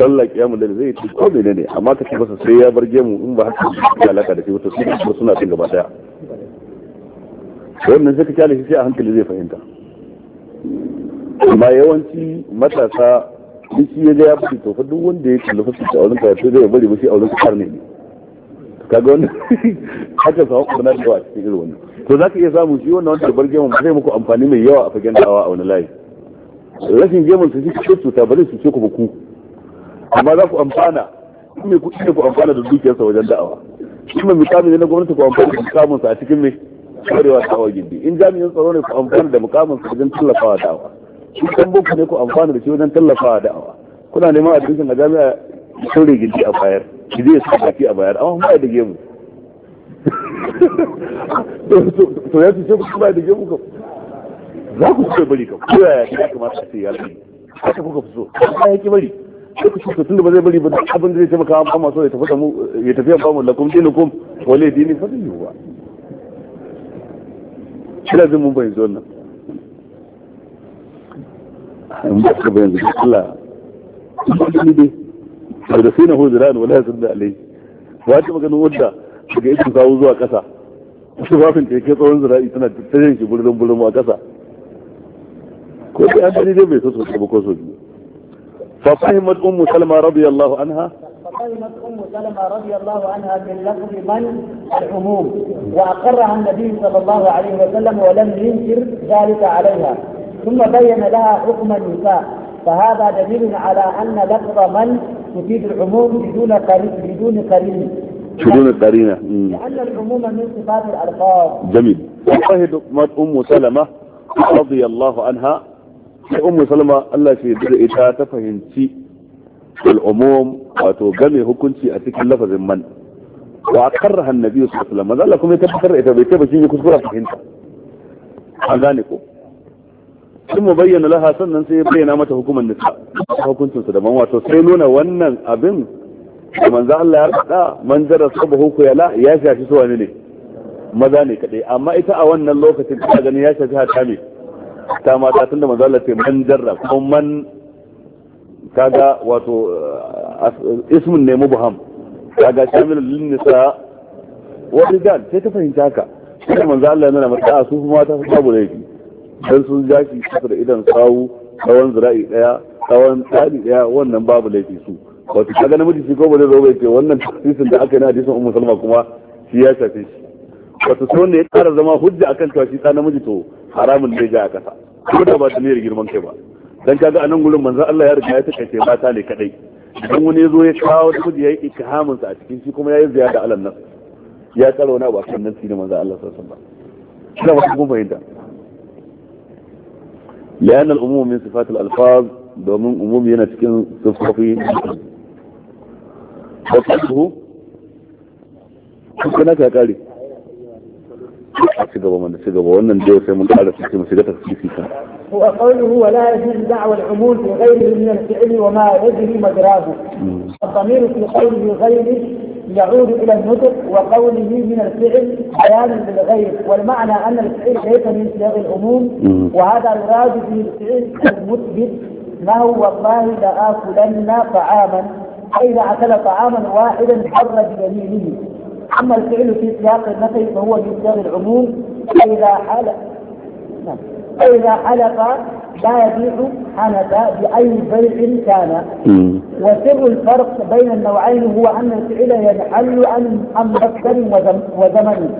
sallah kiyamu da zai ci ko ne ne amma ka tabbata sai ya bar gemu in ba haka ya alaka da shi wata su suna cin gaba daya wannan sai ka kyale shi sai a hankali zai fahimta amma yawanci matasa duk shi ya ga ya fi to fa duk wanda ya kalli fuskar a wurin karatu zai bari ba shi a wurin karne ne kaga wannan *laughs* haka sa hukun na da cikin irin wannan to zaka iya samu shi wannan wanda bar gemu zai muku amfani mai yawa a fagen dawa a wani layi rashin gemun su shi cuta ba zai su ce ku ba ku amma za ku amfana in ku ne ku amfana da sa wajen da'awa in mai mukami ne na gwamnati ku amfana da sa a cikin mai ta da'awa gindi in jami'in tsaro ne ku amfana da sa wajen tallafawa da'awa in ɗan boko ne ku amfana da shi wajen tallafawa da'awa kuna neman adireshin a jami'a saurin gindi a bayar ki zai sa baki a bayar amma ba da gemu *laughs* to ya ce ku ba da gemu ko za ku ce bari ka koya ya kamata a ce ya haka ku fi so ya ki bari duk tun ba zai ba abin da zai taimaka ba so ya tafi ba mu lakum wale dini fa zai zai mun ba ka Allah dai ba da wala alai ta wadda daga ikin sawu zuwa kasa tsawon zira'i tana ta burin burin a kasa ko sai an dai bai so so ko so biyu ففهمت أم سلمة رضي الله عنها ففهمت أم سلمة رضي الله عنها من لفظ من العموم وأقرها النبي صلى الله عليه وسلم ولم ينكر ذلك عليها ثم بين لها حكم النساء فهذا دليل على أن لفظ من تفيد العموم بدون قرين بدون قرين بدون قرينة لأن العموم من صفات الألفاظ جميل وشهدت أم سلمة رضي الله عنها sai ummu salma Allah shi da ita ta fahimci al'umum wato game hukunci a cikin lafazin man wa akarra annabi sallallahu alaihi wasallam manzo Allah kuma ya tabbatar ita bai taba shi kuskura fahimta an gane ko sun mu bayyana laha sannan sai ya bayyana mata hukumar nisa hukuncin su daban wato sai nuna wannan abin da manzo Allah ya faɗa man jara sabahu ku yala ya shafi su wani ne maza ne kadai amma ita a wannan lokacin ta gani ya shafi hata me ta mata tunda manzo Allah ce man jarra kuma man kaga wato uh, ismun ne mubham kaga shamilul lin nisa wa rijal sai ta fahimta haka sai manzo Allah yana mata su kuma ta babu laifi dan sun jaki su da idan sawu tsawon zira'i daya tsawon tsari daya wannan babu laifi su wato kaga namiji shi ko ba zai zo bai ce wannan tafsirin da aka yi na hadisin ummu salma kuma shi ya shafe shi wato to wanda ya tsara zama hujja akan cewa shi ta namiji to haramun ne a kasa ko da ba ta niyyar girman kai ba dan kaga a nan gurin manzon Allah ya riga ya takaice mata ne kadai idan wani zo ya kawo namiji yayi ikhamin sa a cikin shi kuma yayi ziyada alal nan. ya tsara wani abu akan nan ne manzon Allah sallallahu alaihi wasallam kina ba kuma bayyana لأن الأموم من al الألفاظ domin umumi yana cikin sufofi wasu kuma na kakari a هو قوله ولا يجوز دعوى العموم بغيره من الفعل وما يجري مجراه الضمير في قوله غيره يعود الى النطق وقوله من الفعل بيانا للغير والمعنى ان الفعل ليس من سياق العموم وهذا المراد في الفعل المثبت ما هو والله لاكلن طعاما اي لاكل طعاما واحدا حر بيمينه أما الفعل في سياق النفي فهو من العموم فإذا حلف نعم. فإذا حلف لا يبيع حنف بأي بيع كان وسر الفرق بين النوعين هو أن الفعل ينحل عن مصدر وزمن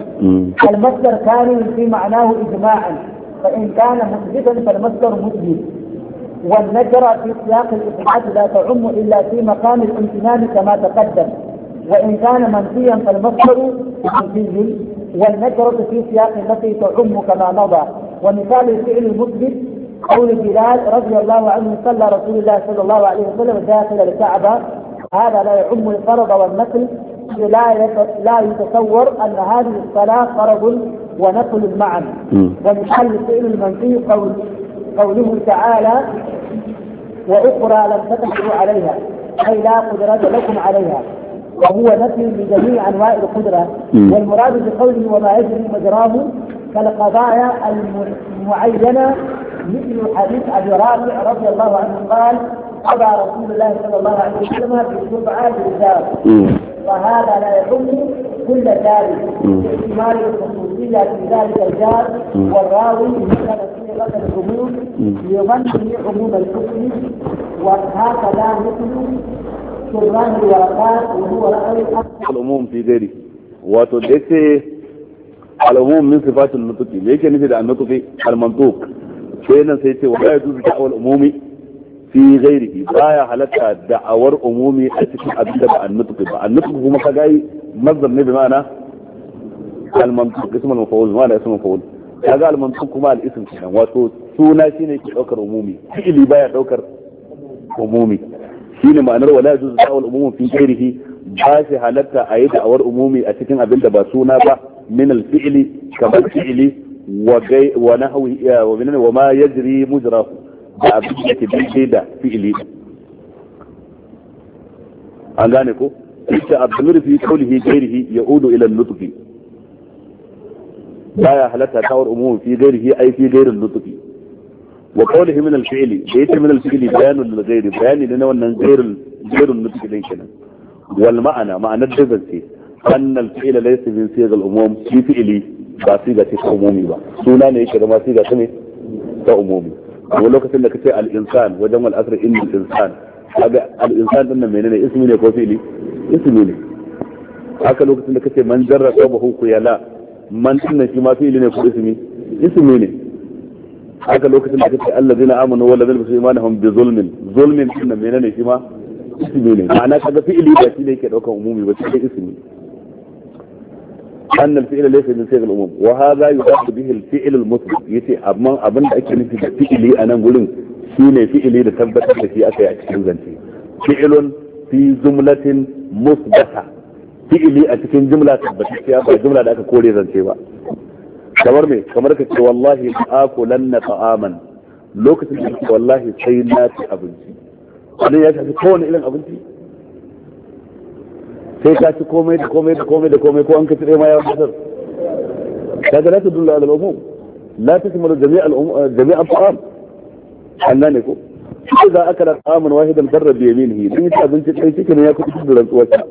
المصدر كامل في معناه إجماعا فإن كان مثبتا فالمصدر مثبت والنكرة في سياق الإثبات لا تعم إلا في مقام الامتنان كما تقدم وإن كان منفيا فالمصدر منفي والنكرة في سياق التي تعم كما مضى ومثال الفعل المثبت قول بلال رضي الله عنه صلى رسول الله صلى الله عليه وسلم داخل الكعبة هذا لا يعم الفرض والنقل لا لا يتصور ان هذه الصلاه فرض ونقل معا ومثال الفعل المنفي قول قوله تعالى واخرى لم تقدروا عليها اي لا قدره لكم عليها وهو نفي لجميع انواع القدره والمراد بقوله وما يجري مجراه كالقضايا المعينه مثل حديث ابي رافع رضي الله عنه قال قضى رسول الله صلى الله عليه وسلم في سبعة بالدار وهذا لا يعم كل ذلك باحتمال الخصوصيه في ذلك الجار والراوي مثل صيغه العموم ليظن عموم الحكم وهكذا مثل شربان الورقات وهو رأي العموم في غيره وتدعي العموم من صفات النطق ليش نفيد يعني عن النطق المنطوق شيئا سيتي ولا يجوز دعوى العموم في غيره بايا حلقة دعوار عمومي أتكي أبدا بأن نطق بأن نطق هو مكاقاي مصدر بمعنى المنطوق اسم المفعول معنى اسم المفعول kaga المنطوق kuma al'isim kenan wato suna shine ke daukar umumi fi'ili baya daukar shine ma'anar wala yajuzu da'awul umum fi ghairihi ba shi halatta a yi da'awar umumi a cikin abin da ba suna ba min al-fi'li kamar fi'li wa gai wa nahwi wa min wa ma yajri mujrahu da abin da ke daidai da fi'li an gane ko ita abdulmir fi qawlihi ghairihi ya'udu ila al-lutfi baya halatta da'awar umumi fi ghairihi ai fi ghairil lutfi wa qawlihi min al-fi'li da yace min al-fi'li bayanu lil ghairi bayani ne na wannan ghairul ghairul nutqi din kenan wal ma'ana ma'anar da zance an al-fi'l laysa min sigar al-umum fi fi'li ba siga ce ta umumi ba suna ne yake da ma siga ta ne ta umumi a lokacin da kace al-insan wajen wal asr in al-insan kaga al-insan din nan menene ismi ne ko fi'li ismi ne haka lokacin da ka ce man jarra qawbahu kuyala man din shi ma fi'li ne ko ismi ismi ne haka lokacin da kace allazina amanu wal ladzina bi imanihum bi zulmin zulmin din menene shi ma ismi ne ma'ana kaga fi'ili ba shi ne yake daukar umumi ba shi ismi أن الفعل ليس من صيغ العموم وهذا يراد به الفعل المطلق يتي أما أبن أكي نفي فعلي أنا أقول شين فعلي لثبت التي أكي أتكلم زنتي فعل في جملة مثبتة فعلي أتكلم جملة ثبتت فيها جملة أكي كوري زنتي kamar me kamar ka ce wallahi akulanna ta'aman lokacin da ka wallahi sai na ci abinci ne ya shafi kowane irin abinci sai ka ci komai da komai da komai da komai ko an ka ci ɗaya ma ya wata ka ga lati dulla al-umum la tashmalu jami' al umum jami' al-ta'am hanna ne ko aka da ta'aman wahidan darra إذا أكل طعاما واحدا abinci sai لن يتعبن تتعي شكرا يأكل تدرا وشا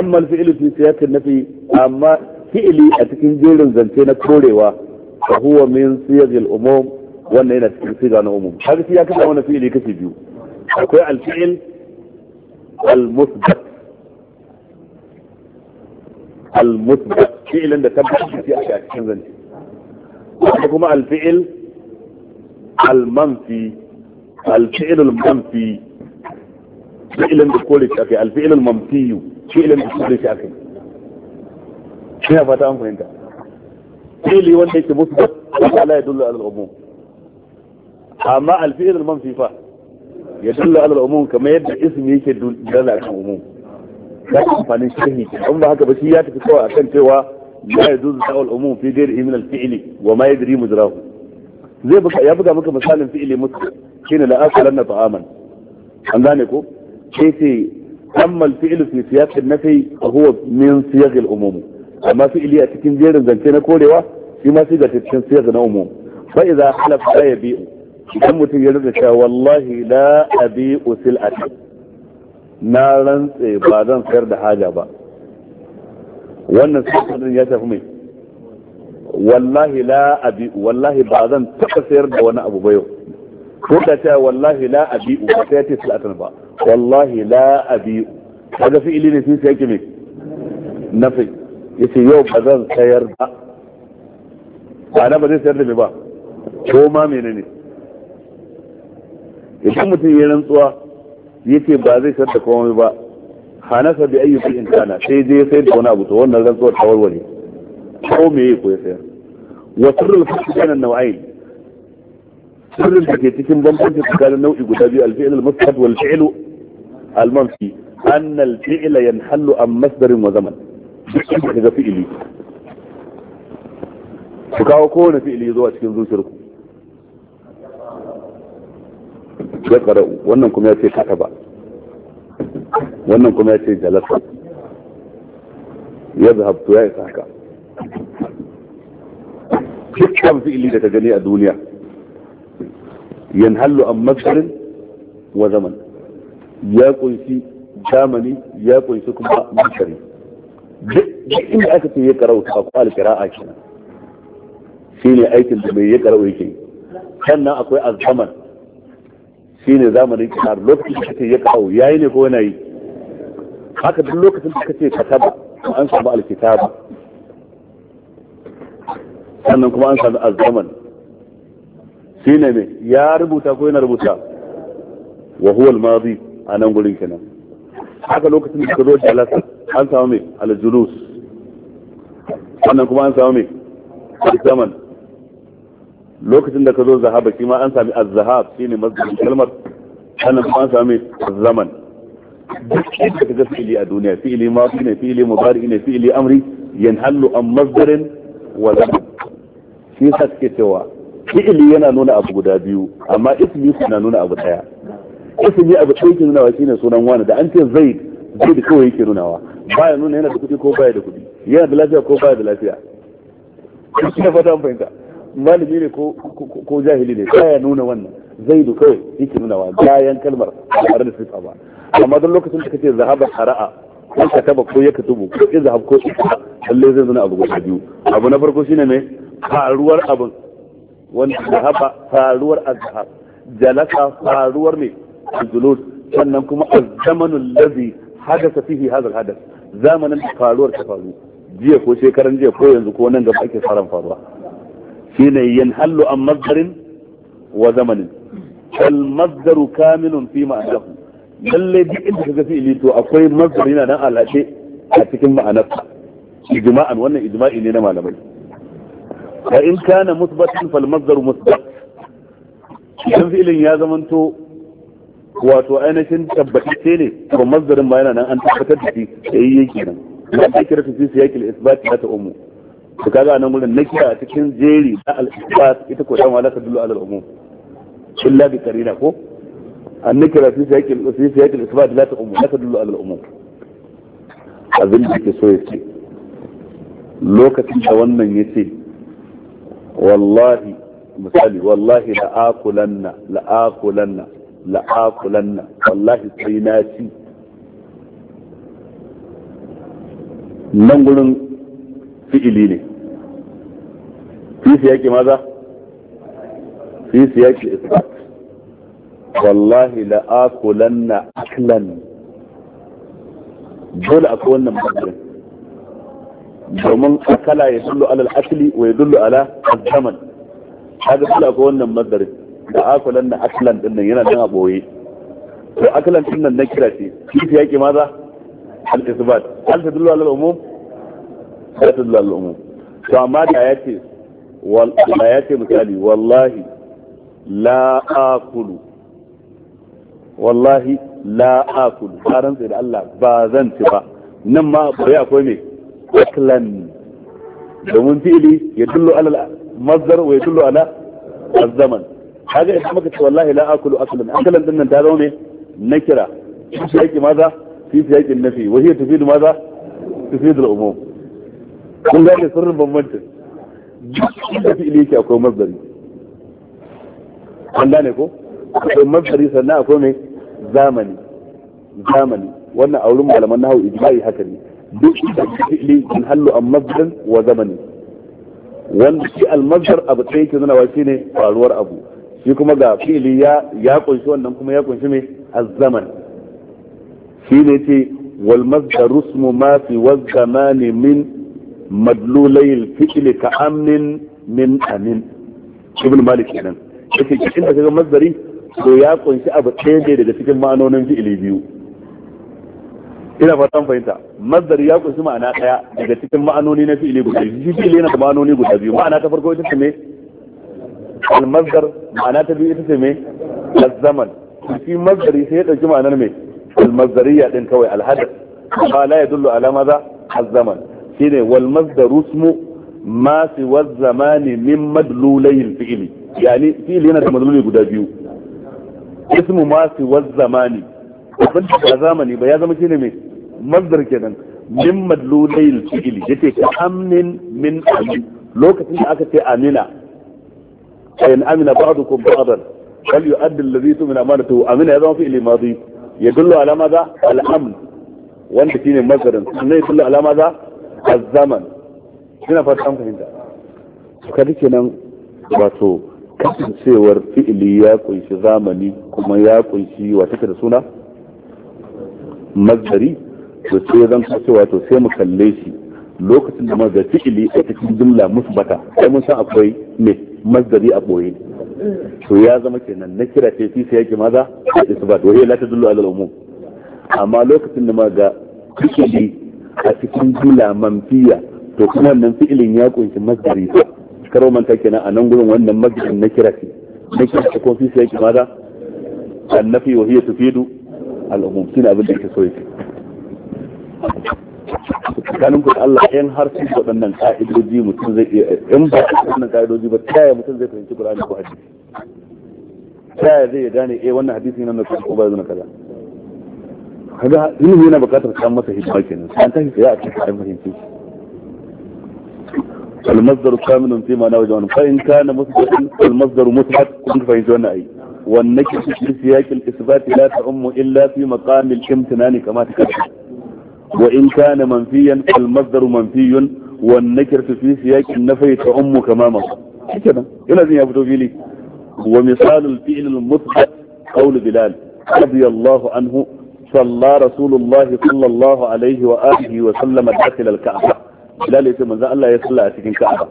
أما الفعل في سياق nafi amma fi'ili a cikin jerin zance na korewa fa huwa min siyagil umum wannan yana cikin siga na umum har shi ya kasa wani fi'ili kashi biyu akwai alfi'il al-musbat al-musbat fi'ilin da tabbata shi a cikin zance akwai kuma alfi'il al-manfi alfi'il al-manfi fi'ilin da kore shi akai alfi'il al-manfiyu fi'ilin da kore shi akai ina fata an fahimta fi'li wanda yake musbat wanda la yadullu ala al-umum amma al-fi'l al-manfi fa yadullu ala al-umum kamar yadda ismi yake dalla akan umum ka amfanin sharhi in ba haka ba shi ya tafi kawai akan cewa la yaduzu ta'u al-umum fi ghairihi min al-fi'li wa ma yadri mujrahu zai buga ya buga maka misalin fi'li musbat shine la asalanna ta'aman an gane ko sai sai amma al-fi'lu fi siyaq an-nafi huwa min siyaq al-umum amma fi iliya cikin jerin zance na korewa shi ma shi ga cikin siyasa na umum fa idza halaf la yabi'u idan mutum ya rika cewa wallahi la abi'u sil'ati na rantse ba zan sayar da haja ba wannan sirrin ya tafi mai wallahi la abi'u wallahi ba zan taba sayar da wani abu ba yau ko da cewa wallahi la abi'u ba sai ce sil'atan ba wallahi la abi'u kaga fi'ili ne sai yake mai nafi yace yau ba zan sayar ba ba na ba zai sayar da ba ko ma ne? idan mutum ya rantsuwa yace ba zai sayar da komai ba hanasa bi ayyukan insana sai je sayar da wani abu to wannan rantsuwar ta warware ko me yake ko ya sayar wa sirrul fasl bayna an sirrin da ke cikin bambanci tsakanin nau'i guda biyu al al-mustad wal fi'lu al-manfi anna al-fi'la yanhallu an masdarin wa zaman duk inda ka ga fi'ili ku kawo kowane fi'ili zuwa cikin zuciyarku ya karau wannan kuma ya ce kata ba wannan kuma ya ce jalasa ya zahabtu ya isa haka dukkan fi'ili da ka gani a duniya yanhallu an masarin wa zaman ya kunshi zamani ya kunshi kuma masari duk inda aka ce ya karau ta kwal kira'a kenan shine aikin da mai ya karau yake sannan akwai azaman. Shi ne zamanin kirar lokacin da kace ya karau yayi ne ko wani yi haka duk lokacin da kace kataba an samu alkitaba sannan kuma an samu azaman. Shi ne ya rubuta ko yana rubuta wa huwa al a nan gurin kenan haka lokacin da ka zo da lasar an samu mai aljulus wannan kuma an samu mai zaman lokacin da ka zo zahaba shi ma an sami az-zahab shine mazdarin kalmar wannan kuma an sami zaman duk da ga fi'ili a duniya fi'ili ma ne fi'ili mubari ne fi'ili amri yanhallu an mazdarin wa zaman shi yasa suke cewa fi'ili yana nuna abu guda biyu amma ismi na nuna abu daya ismi abu ɗaya ke nuna shine sunan wani da an ce zaid zai da kawai yake nunawa baya nuna yana da kuɗi ko baya da kuɗi yana da lafiya ko baya da lafiya ina fata an fahimta malami ne ko jahili ne baya nuna wannan zai da kawai yake nunawa bayan kalmar ba tare da sifa ba amma don lokacin da kace zahaba hara'a ko ka taba ko ya katubu ko ya zahab ko lalle zai zuna abu guda biyu abu na farko shine ne faruwar abin wanda zahaba faruwar azhar jalasa faruwar ne zulul sannan kuma azzamanul ladhi hadasa fihi hadal hadas zamanin faruwar ta faru jiya ko shekaran jiya ko yanzu ko nan gaba ake faran faruwa shine yanhallu an mazdarin wa zamanin kal mazdaru kamilun fi ma'anahu lalle duk inda kaga fi'ili to akwai mazdar yana nan alace a cikin ma'anar ijma'an wannan ijma'i ne na malamai fa in kana musbatan fal mazdaru musbat idan fi'ilin ya zamanto wato ainihin tabbatacce ne to masdarin ma yana nan an tabbatar da shi sai yake nan na kira su fi siyakil isbat da ta umu to kaga nan gurin na kira cikin jeri na al ita ko dama la tadullu ala al illa bi qarina ko an kira fi su yaƙi siyakil isbat la ta umu la tadullu ala al abin da ke so ya yake lokacin da wannan ya yace wallahi misali wallahi la'akulanna la'akulanna la'akulanna wallahi sai na ci nan gurin fi'ili ne fi siyaki maza fi siyaki isbat wallahi la'akulanna aklan dole akwai wannan maganin domin akala ya dullu alal akli wa ya dullu ala zaman kaga dole akwai wannan madarin da akulan da aklan din nan yana nan a boye to aklan din nan na kira ce shi ya maza al-isbat hal tadullu ala al-umum la tadullu ala al-umum to amma da ya ce wallahi ya ce misali wallahi la akulu wallahi la akulu karan sai da Allah ba zan ci ba nan ma bai akwai me aklan domin fi'ili ya dullo ala mazdar wa ya dullo ala الزمن kaga idan muka ce wallahi la akulu aslan akalan din nan ta zama ne na kira shi yake maza fi yakin nafi wa hiya tufidu maza tufidu al-umum kun gane sirrin bambancin duk da fi'ili yake akwai mazdari an ne ko akwai mazdari sannan akwai ne zamani zamani wannan a wurin malaman nahawu ijma'i haka ne duk da fi'ili in hallu an mazdarin wa zamani wanda shi al-mazdar abu ɗaya ke nuna wa shine faruwar abu shi kuma ga fili ya ya kunshi wannan kuma ya kunshi mai azzaman zaman shi ne ce wal masdar ismu ma fi waz ne min madlulai, al-fi'li ka amin min amin ibn malik kenan yace kin da kaga masdari to ya kunshi abu ɗaya ne daga cikin ma'anonin fi'ili biyu ina fatan fahimta masdar ya kunshi ma'ana ɗaya daga cikin ma'anoni na fi'ili guda biyu fi'ili na da ma'anoni guda biyu ma'ana ta farko ita ce almasdar ma'ana ta biyu ita ce mai azzaman shi masdari sai ya dauki ma'anar mai almasdariya din kawai alhadar ba la yadullu ala maza azzaman shine wal masdaru ismu ma si wazzamani min madlulai alfi'li yani fi'li yana da madluli guda biyu ismu ma si wazzamani abin zamani ba ya zama shine mai masdar kenan min madlulai alfi'li ka min amin lokacin da aka ce amina in amina ba'dukum ba'dan fal yu'addi alladhi tumina amanatu amina ya zama fi'li Ya yadullu ala madha al-amn wanda shine mazarin sannan yadullu ala madha az-zaman kina fatan fahimta kada kenan wato kasancewar fi'ili ya kunshi zamani kuma ya kunshi wata da suna mazari to sai zan cewa to sai mu kalle shi lokacin da mazari fi'ili a cikin jumla musbata sai mun san akwai ne masdari a ɓoye to ya zama kenan na kira ce fi sai maza isbat wa hiya la tadullu ala al al'ummu? amma lokacin da maga kike a cikin jumla manfiya to kuma wannan fi'ilin ya kunshi masdari karo manta kenan a nan gudun wannan masdarin na kira ce na kira ce ko fi sai maza annafi wa hiya tufidu al-umum shine abin da yake so yake tsakanin ku Allah in har sun waɗannan ka'idoji mutum zai iya in ba waɗannan ka'idoji ba ta mutum zai fahimci Qur'ani ko hadisi ta zai zai gane eh wannan hadisi yana nuna ko ba yana kaza kaga ilimi yana bukatar kan masa hidima kenan san ta tafi sai a cikin fahimci المصدر كامل في معنى وجهان فإن كان مثبتا فالمصدر مثبت كنت فهمت وانا أي والنكس في سياق الإثبات لا تعم إلا في مقام الامتنان كما تكلم وإن كان منفيا فالمصدر منفي والنكرة في سياق النفي تعم كما مضى كده إلى ذي يفتو لي ومثال الفعل المثبت قول بلال رضي الله عنه صلى رسول الله صلى الله عليه وآله وسلم داخل الكعبة بلال يسمى ذا الله يصلى أتكين كعبة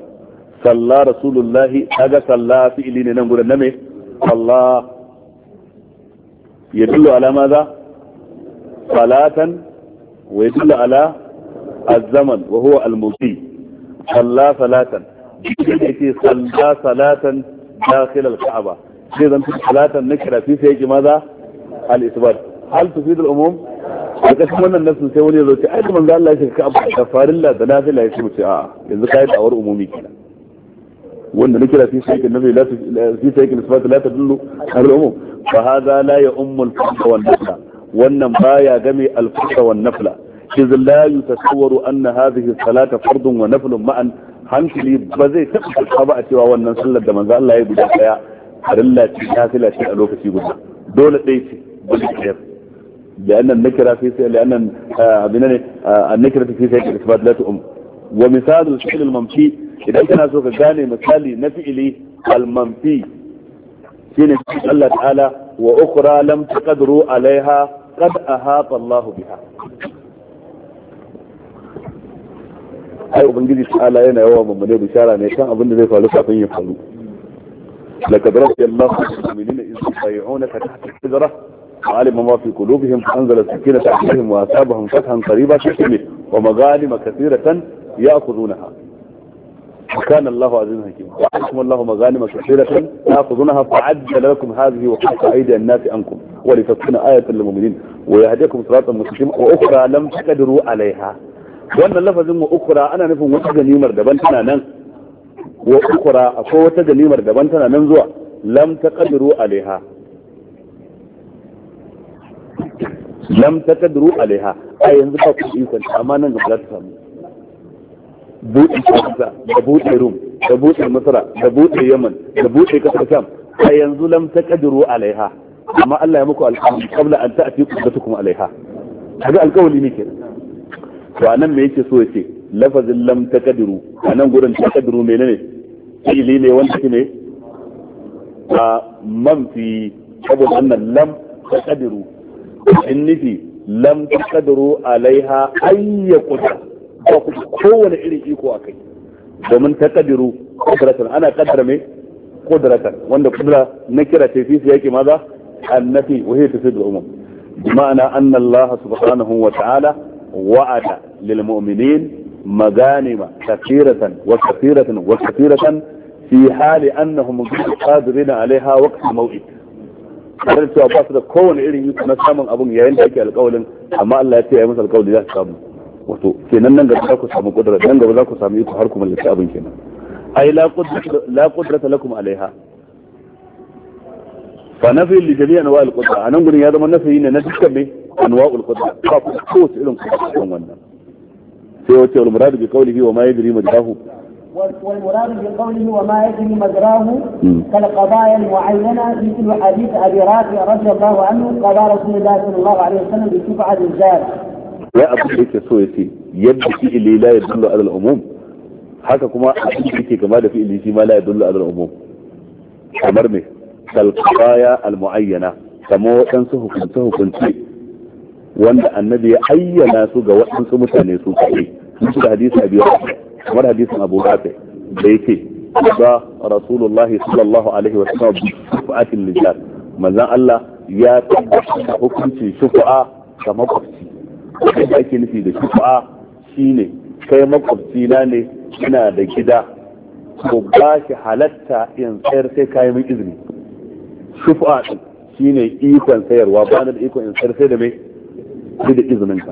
صلى رسول الله هذا صلى فعلين ننقل النمي صلى يدل على ماذا صلاة ويدل على الزمن وهو المضي صلى صلاه التي صلى صلاه داخل الكعبه اذا صلاه النكره في سياق ماذا الاثبات هل تفيد الأموم لكن من الناس من سيولي يقول لك أيضا من قال الله يسير كعب كفار الله دنافي لا يسير مسيعة آه. إذن قائد أور أمومي كلا وأن نكرة في سيك النبي لا في سيك الإثبات لا تدل على الأموم فهذا لا يؤم الفرق والنكرة wannan baya game al-furqa nafla iz la yutasawwaru anna hadhihi salata fardun wa naflun ma'an hankali ba zai taɓa ba a cewa wannan sallar da manzo Allah ya guda daya harilla ce nafila ce a lokaci guda dole dai ce dole ɗaya لأن النكرة في لأن النكرة في سياق الإثبات لا تؤم ومثال الفعل المنفي إذا كان سوف كان مثالي نفعلي المنفي شين الله تعالى وأخرى لم تقدروا عليها قد أهاط الله بها ai ubangiji ta'ala yana yawa mummune من ne kan abin da zai faru kafin لقد رضي الله المؤمنين إذ يطيعونك تحت الشجرة وعلم ما في قلوبهم فأنزل السكينة عليهم وأثابهم فتحا قريبا في ومغانم كثيرة يأخذونها وكان الله عزيزا حكيما وعليكم الله مغانم كثيرة تأخذونها فعجل لكم هذه وحق أيدي الناس عنكم ولتكون آية للمؤمنين ويهديكم صراطا مستقيما وأخرى لم تقدروا عليها wannan lafazin wa ukura ana nufin wata ganimar daban tana nan wa ukura akwai wata ganimar daban tana nan zuwa lam taqdiru alaiha a yanzu ba amma nan ta samu buɗe Gaza da buɗe Rum da buɗe Misra da buɗe Yaman, da buɗe kasar Sham a yanzu lam taqdiru alaiha amma Allah ya muku alhamdu qabla an ta'ti qudratukum alaiha kaga alƙawari ne ke. to anan me yake so yace lafazin lam taqdiru anan gurin ta taqdiru menene fi'ili ne wanda ne a man fi saboda annan lam taqdiru in nufi lam taqdiru alaiha ayya qudratukum ba ku kowane irin iko a kai domin ta kadiru kudratan ana kaddara mai kudratan wanda kudra na kira ta fi yake maza annafi wa hiya tufid al-umum bima'ana anna Allah subhanahu wa ta'ala wa'ada lil mu'minin مغانم كثيرة وكثيرة وكثيرة في حال أنهم قادرين عليها وقت الموئد ƙarar cewa ba su da kowane irin yi na samun abun yayin da ake alƙawalin amma Allah ya ce ya yi masa alƙawali za su samu wato kenan nan gaba za ku samu kudura nan gaba za ku samu iko har ku mallaki abin kenan ai la qudrata la qudrata lakum alaiha fa nafi li jami'i anwa'il qudra anan gurin ya zama nafi ne na dukkan me anwa'ul qudra ka ku su irin kudura wannan sai wace wal murad bi qawlihi wa ma yadri ma majrahu والمراد بقوله وما يجري مجراه كالقضايا المعينه مثل حديث ابي رافع رضي الله عنه قضى رسول الله صلى الله عليه وسلم بشفعه الجار ya abu da yake so ya ce yadda fi'ili la yadullu ala al-umum haka kuma abin da yake kama da fi'ili shi ma la yadullu ala al-umum kamar me kalqaya al-muayyana kamar waɗansu hukunce hukunce wanda annabi ya ayyana su ga waɗansu mutane su kai su da hadisi abiyu kamar hadisin abu rafi da yake ba rasulullahi sallallahu alaihi wa sallam bi shufatin lijal manzon Allah ya tabbata hukuncin shufa ga makwabci abin da ake nufi da shi shine kai makwabcina na ne ina da gida ko ba shi halatta in tsayar sai kayi min izini shufa'a din ne ikon sayarwa ba da ikon in tsayar sai da mai shi da izinin ka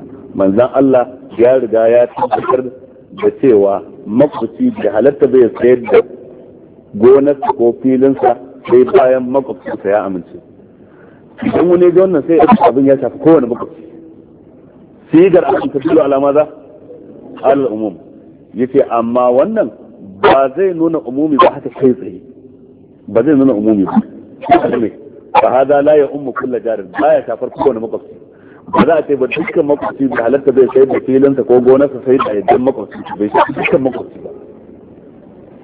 Allah ya riga ya tabbatar da cewa makwabci da halatta bai sayar da gonar ko filinsa sai bayan makwabcinsa ya amince idan wani ga wannan sai abin ya shafi kowane makwabci sigar an tafilu ala maza al umum yace amma wannan ba zai nuna umumi ba haka kai tsaye ba zai nuna umumi ba fa hada la ya ummu kullu jarin ba ya tafar kowane makwabci ba za a ce ba dukkan makwabci da halatta zai sai da filinsa ko gonarsa sai da yaddan makwabci bai sai dukkan makwabci ba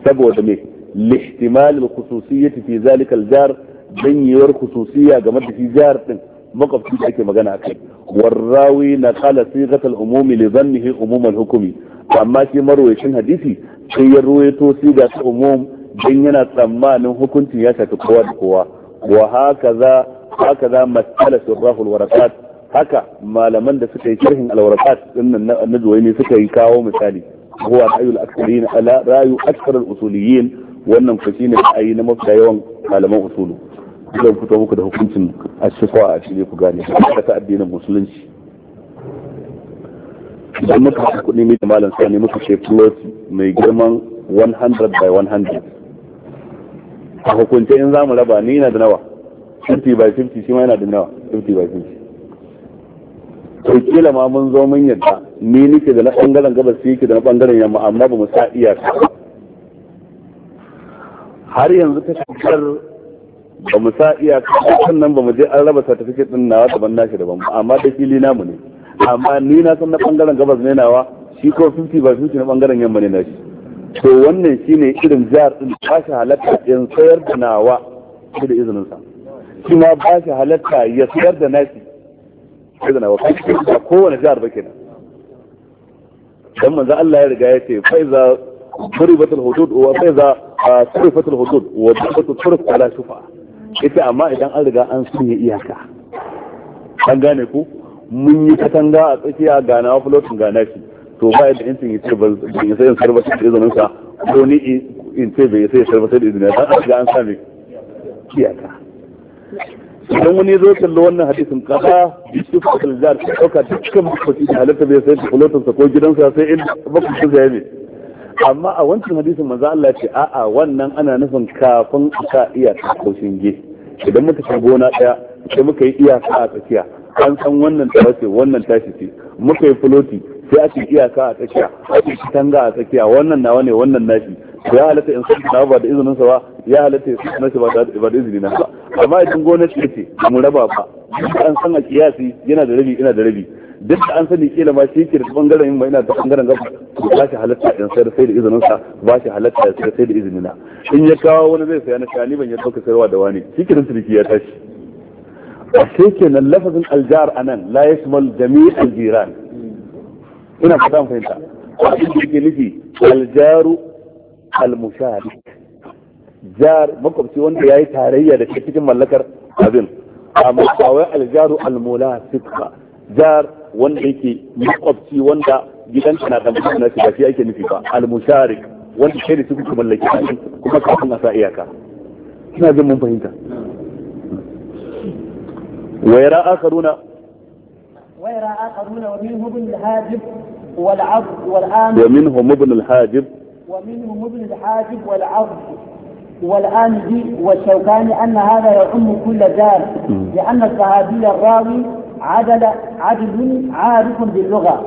saboda me lihtimal khususiyyati fi zalika al jar danyewar khususiyya game da shi jar din makwabci da ake magana akai warrawi na kala sigatal umumi li zannihi umumal hukumi amma shi marwayacin hadisi sai ya ruwaito siga ta umum dan yana tsammanin hukuncin ya shafi kowa da kowa wa hakaza hakaza masala surrahul warakat haka malaman da suka yi sharhin alwarakat dinnan na juwaini suka yi kawo misali huwa ra'ayul aktharin ala ra'ayu akthar al wannan ku ne ra'ayi na mafiya yawan malaman usulu zai fito muku da hukuncin a shekwa a shirye ku gane da ta addinin musulunci idan muka haka kuɗi mai malam sani muka ce plot mai girman 100 by 100 a hukunce in za mu raba ni yana da nawa 50 by 50 shi ma yana da nawa 50 by 50 to kila ma mun zo mun yadda ni nike da na bangaren gabas sai yake da na bangaren yamma amma ba mu sa iyaka har yanzu ta shekar ba mu sa iya nan ba mu je an raba certificate din nawa daban nashi daban amma da fili namu ne amma ni na san na bangaren gabas ne nawa shi ko 50 ba 50 na bangaren yamma ne nashi to wannan shine irin jihar din ba shi halatta in sayar da nawa shi da izinin sa shi ma ba shi halatta ya sayar da nashi sai da nawa ba kowane jihar ba kenan dan manzo Allah ya riga ya ce fa iza ضربت الحدود وإذا hudud wa وضربت الطرف ah, ala shufa. ita amma idan an riga an sunye iyaka an gane ku mun yi katanga a tsakiya ga na flotin ga na to ba yadda in sun yi sai in sarba sai izinin sa ko ni in ce bai sai sarba sai izinin sa an riga an sami iyaka idan wani zo kallo wannan hadisin kaza bisu fasil jar ka dauka dukkan mutum da halatta bai sai flotin sa ko gidansa sai in bakwai su zai ne amma a wancan hadisin manzo Allah ce a'a wannan ana nufin kafin ka iyaka ko shinge idan muka shiga gona daya sai muka yi iyaka a tsakiya an san wannan tara wannan tashi ce muka yi filoti sai ce iyaka a tsakiya ce tanga a tsakiya wannan nawa ne wannan nashi ya halatta in sun ba da izinin sa ba ya halatta su nashi ba da ba da izinin na amma idan gona ce ce mu raba ba an san a kiyasi yana da rabi ina da rabi duk da an sani kila ma shi yake da bangaren yin yana ta bangaren gaba ba shi halatta in sayar sai da izinin sa ba shi halatta ya sayar sai da izinin na in ya kawo wani zai saya na shani ban ya dauka sayarwa da wani shi kiran ciniki ya tashi a sai kenan lafazin aljar anan la yashmal jami'al jiran ina fata an fahimta abin da yake nufi aljaru almushari. jar makwabci wanda ya yi tarayya da cikin mallakar abin amma kawai wai aljaru almulasik ba jar wanda yake makwabci wanda gidanka na kan na ba shi ake nufi ba al-musharik wanda kuma kafin a sa iyaka ina jin mun fahimta ويرى آخرون ويرى آخرون ومنهم ابن الحاجب والعبد والآن ومنهم الحاجب ومنهم الحاجب والعبد والآن والشوكاني أن هذا يعم كل دار لأن الصحابي الراوي عدل عدل عارف باللغة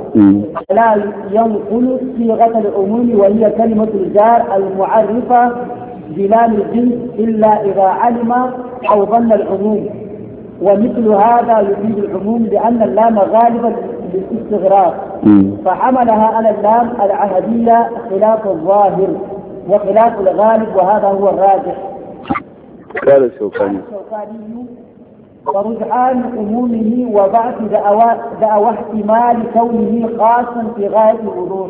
لا ينقل صيغة العموم وهي كلمة الجار المعرفة بلام الجنس إلا إذا علم أو ظن العموم ومثل هذا يفيد العموم لأن اللام غالبا للاستغراق فحملها على اللام العهدية خلاف الظاهر وخلاف الغالب وهذا هو الراجح قال الشوكاني ورجعان عمومه وضعف دعوى احتمال كونه خاصا في غاية الوضوح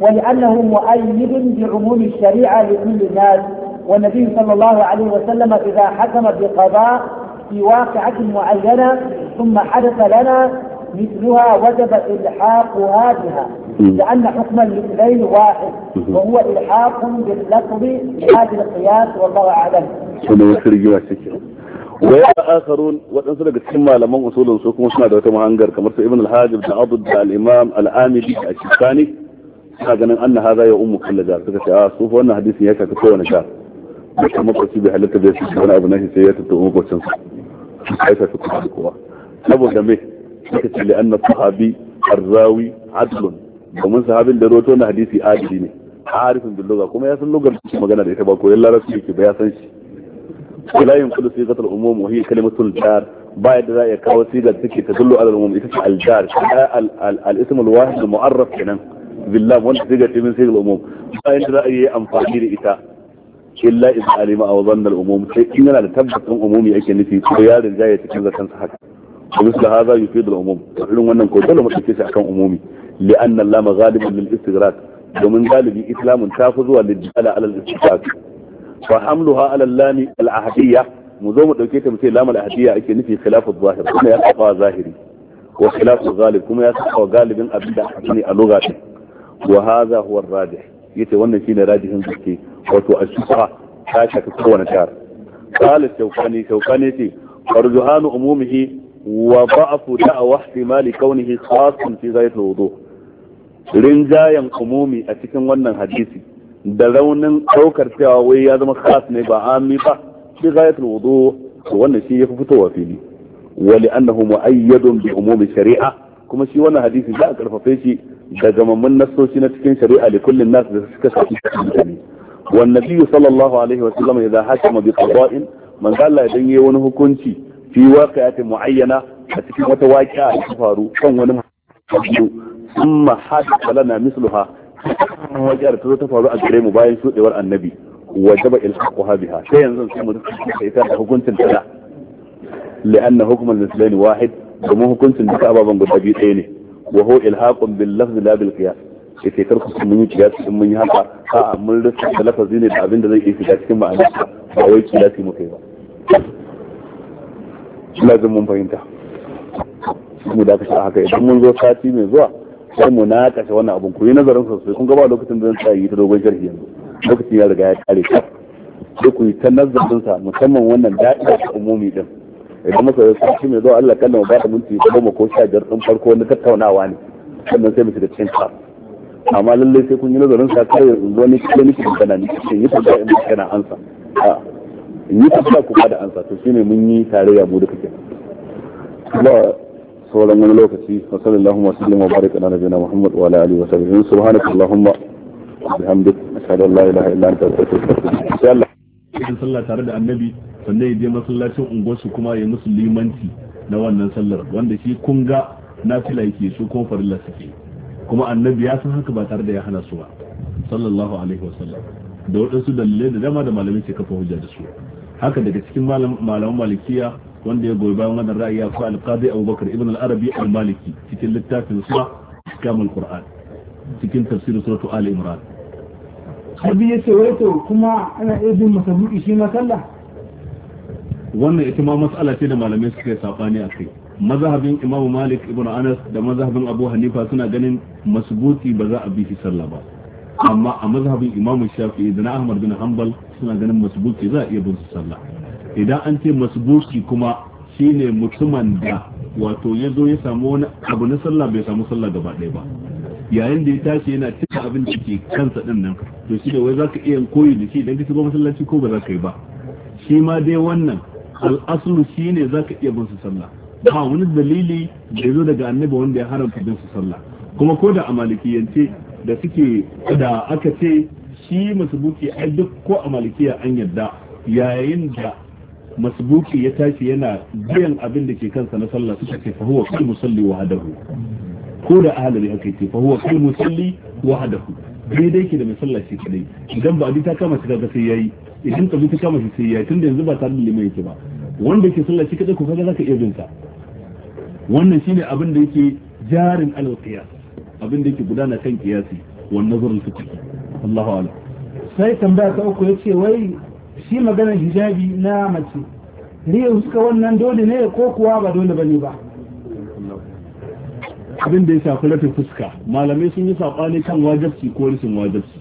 ولأنه مؤيد بعموم الشريعة لكل الناس والنبي صلى الله عليه وسلم إذا حكم بقضاء في واقعة معينة ثم حدث لنا مثلها وجب إلحاقها بها لأن حكم المثلين واحد وهو إلحاق باللفظ بهذا القياس والله أعلم. wa ya akharun waɗansu daga cikin malaman usulun su kuma suna da wata mahangar kamar su ibn al-hajib da abu da al-imam al-amidi a shikani suna ganin anna hada ya ummu kullu jar suka ce a ah, su fa wannan hadisin ya kaka kowane jar duka makwaci bai halitta da su wani abu nashi sai ya tattau makwacin su sai ka kuma da kowa saboda me suka ce li anna sahabi arrawi adlun domin sahabin da roto na hadisi adili ne harifin bil lugha kuma ya san lugar magana da ita ba koyon larabci yake ba ya san shi ولا ينقل صيغة العموم وهي كلمة الجار بعد ذلك أو ذكي تدل على العموم اسم الجار الاسم الواحد المعرف هنا بالله وانت صيغة من صيغ العموم بعد ذلك أنفعني لإتاء إلا إذا علم أو ظن العموم إننا لتبت العموم يأكل نفي خيار الجاية تكذا تنصحك ومثل هذا يفيد العموم وحلو أنهم ما تكيس أحكام عمومي لأن اللام غالب للاستغراق ومن ذلك إسلام تاخذ والدجال على الاستغراق wa hamluha ala lami al-ahdiyya mu zo mu dauke ta mu ce lam al-ahdiyya ake nufi khilafu zahir kuma ya saba zahiri wa khilafu ghalib kuma ya saba galibin abin da ne a lugha din wa hadha huwa ar-rajih yace wannan shine rajihin gaske wato ash-shubha ta shaka kowane tar qala shawkani shawkani ce farjuhanu umumihi wa ba'fu da'wa ihtimali kaunihi khassan fi ghayr al-wudu rinjayan umumi a cikin wannan hadisi da raunin ɗaukar cewa wai ya zama khas ne ba ami ba bi ghayatul wudu to wannan shi fi fitowa fili wa li'annahu mu'ayyadun bi umumi shari'a kuma shi wannan hadisi za a karfafe shi da gamammun nassoshi na cikin shari'a da kullin nas da suka shafi mutane wa nabiyyu sallallahu alaihi wa sallam idza hakama bi qada'in man Allah idan yayi wani hukunci fi waqi'atin mu'ayyana a cikin wata waƙi'a da ta faru kan wani ثم حدث na misluha. wannan ta zo ta faru a gare mu bayan shuɗewar annabi wajaba ilhaqu biha sai yanzu sai mu ita da hukuncin ta duka ababan guda biyu ɗaya ne wa huwa ne da abin zai iya shiga cikin ma'ana ba haka idan mun zo sati mai zuwa sai mu na kashe wannan abun ku yi nazarin sosai kun gaba lokacin da zan yi ta dogon sharhi yanzu lokacin ya riga ya kare ka sai ku yi ta nazarin sa musamman wannan da'ira ta umumi din idan muka yi sarki mai zuwa Allah kallon ba da minti goma ko sha jar din farko na tattaunawa ne sannan sai mu shiga cikin ta amma lallai sai kun yi nazarin sa kai wani kilomita da kana ni cikin yi ta da in kana ansa in yi ta ku ba da ansa to shine mun yi tarayya mu da kake sauran wani lokaci wa sallallahu wa sallam wa barik ala nabiyina muhammad wa ala alihi wa sahbihi subhanaka allahumma bihamdik ashhadu an la ilaha illa anta astaghfiruka wa atubu ilayk Allah tare da annabi sannan ya je masallacin unguwarsu kuma ya musu limanci na wannan sallar wanda shi kun ga nafila yake su kuma farilla suke kuma annabi ya san haka ba tare da ya hana su ba sallallahu alaihi wasallam da waɗansu dalilai da dama da malamai ke kafa hujja da su haka daga cikin malaman malikiya wanda ya goyi bayan wannan ra'ayi akwai alqadi abubakar ibn al-arabi al-maliki cikin littafin sa kamul qur'an cikin tafsirin suratu ali imran harbi ya ce wato kuma ana iya bin masabuki shi ma sallah wannan ita ma matsala ce da malamai suka yi sabani a kai mazhabin imamu malik ibn anas da mazhabin abu hanifa suna ganin masbuti ba za a bi shi sallah ba amma a mazhabin imamu shafi'i da na ahmad bin hanbal suna ganin masbuti za a iya bin su sallah idan an ce masbuki kuma shine mutumin da wato ya zo ya samu wani abu na sallah bai samu sallah gaba ɗaya ba yayin da ya tashi yana cika abin da ke kansa din nan to shi da wai zaka iya koyi da shi idan ka shiga masallaci ko ba za ka yi ba shi ma dai wannan al'asulu shi ne za ka iya bin su sallah ba wani dalili da ya zo daga annabi wanda ya haramta bin su sallah kuma ko da a malikiyance da suke da aka ce shi masu buki ai duk ko a malikiya an yadda yayin da masbuki ya tashi yana biyan abin da ke kansa na sallah suka ce fa huwa kullu musalli wahdahu ko da ahlali haka ce fa huwa kullu musalli wahdahu daidai ke da mai sallah shi kadai idan ba ta kama shi kaga sai yayi idan ka ta kama shi sai yayi tunda yanzu ba tare da limai yake ba wanda ke sallah shi kadai ko kaga zaka iya bin sa wannan shine abin da yake jarin al-qiyas abin da yake gudana kan kiyasi wannan nazarul fiqh Allahu a'lam sai tambaya ta uku yace wai shi maganar hijabi na mace suka wannan dole ne ko kuwa ba dole ne ba abin da ya shafi rafi fuska malamai sun yi saɓani kan wajabci ko rishin wajabci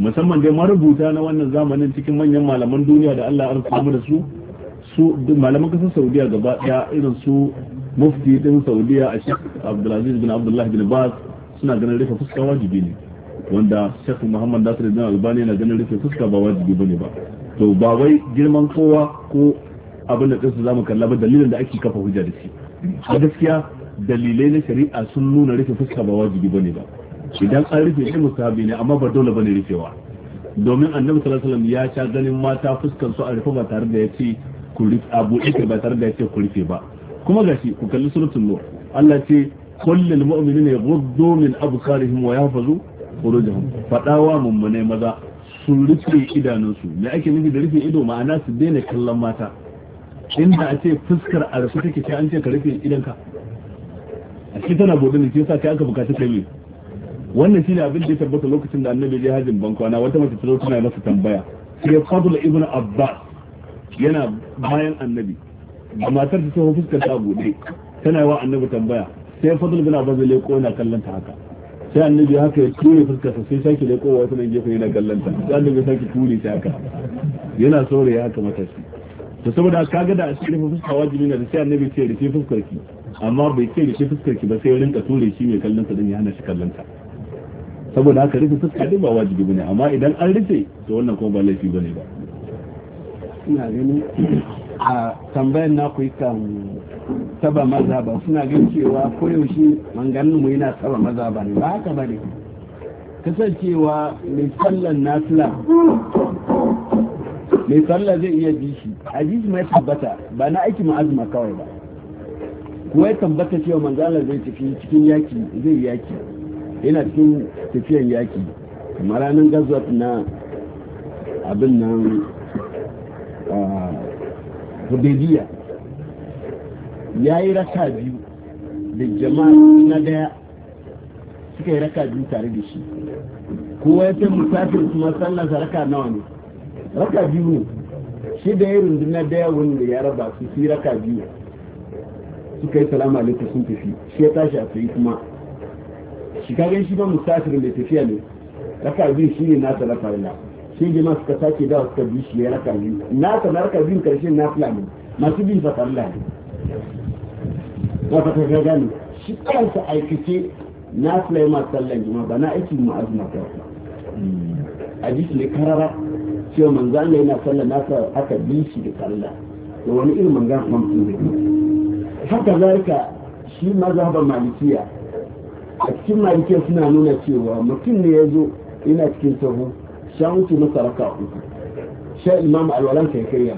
musamman dai marubuta na wannan zamanin cikin manyan malaman duniya da Allah an samu da su su malaman kasar Saudiya gaba daya irin su mufti din Saudiya a Sheikh Abdulaziz bin Abdullah bin Baz suna ganin rufe fuska wajibi ne wanda Sheikh Muhammad Nasir bin Albani yana ganin rufe fuska ba wajibi ne ba to ba wai girman kowa ko abin da kansu za mu kalla ba dalilin da ake kafa hujja da shi a gaskiya dalilai na shari'a sun nuna rufe fuska ba wajibi ba ne ba idan an rufe shi musahabi ne amma ba dole ba ne rufewa domin annabi sallallahu alaihi wasallam ya sha ganin mata fuskan su a rufe ba tare da ya ce ku rufe abu ita ba tare da ya ce ku rufe ba kuma gashi ku kalli suratul nur Allah ce kullul mu'minina yaghuddu min absarihim wa yahfazu furujahum fadawa mummune maza su rufe idanunsu me ake nufi da rufe ido ma'ana su daina kallon mata inda a ce fuskar a rufe take sai an ce ka rufe idanka a ce tana gobe ne sa kai aka bukaci kai mai wannan shine abin da ya tabbata lokacin da annabi ya hajjin bankwana wata mace ta zo tana masa tambaya sai fadul ibn abbas yana bayan annabi da matar ta taho fuskar ta gobe tana wa annabi tambaya sai fadul ibn abbas ya leko yana kallon ta haka sai annabi haka ya ture fuskarsa sai sake da kowa ta nan gefe yana gallanta sai annabi sake ture sai haka yana saurayi haka matashi to saboda kaga da asiri fuska wajibi ne da sai annabi ce rufe fuskarki amma bai ce rufe fuskarki ba sai rinka tura shi mai kallon sa din ya hana shi kallon sa saboda haka rufe fuska din ba wajibi bane amma idan an rufe to wannan kuma ba laifi bane ba ina ganin a tambayar na ku kan saba maza ba suna gan cewa koyaushe manganin mu yana saba maza ba ne ba haka ba ne kasancewa mai sallar nasila mai sallah zai iya ji shi hadisi mai tabbata ba na aiki ma'azuma kawai ba kuma ya tabbata cewa manzala zai tafi cikin yaki zai yaki yana cikin tafiyan yaki kamar ranar gazwat na abin nan ah, hudaybiya yi raka biyu da jama'a na daya suka yi raka biyu tare da shi kowa ya ce musafir kuma sallar sa raka nawa ne raka biyu ne shi da ya na daya da ya raba su su raka biyu suka yi salamu alaikum sun tafi shi ya tashi a tsaye kuma shi kagan shi ba musafir da tafiya ne raka biyu shi ne nasa raka Allah sai jama'a suka sake dawa suka bi shi ya raka biyu na ka na raka biyu karshen na fulani masu bin sa farla ne wata kaga gani shi kansa aikace na fulani masu sallan ne ba na aiki azu na kawai hmm. a ji shi ne karara cewa manzan Allah yana na nasa aka bi shi da sallah da wani irin mangan mamsu ne haka ka shi ba malikiya a cikin malikiya suna nuna cewa mutum ne ya zo ina cikin sahu sha na masa raka uku sha imam alwalan kai kariya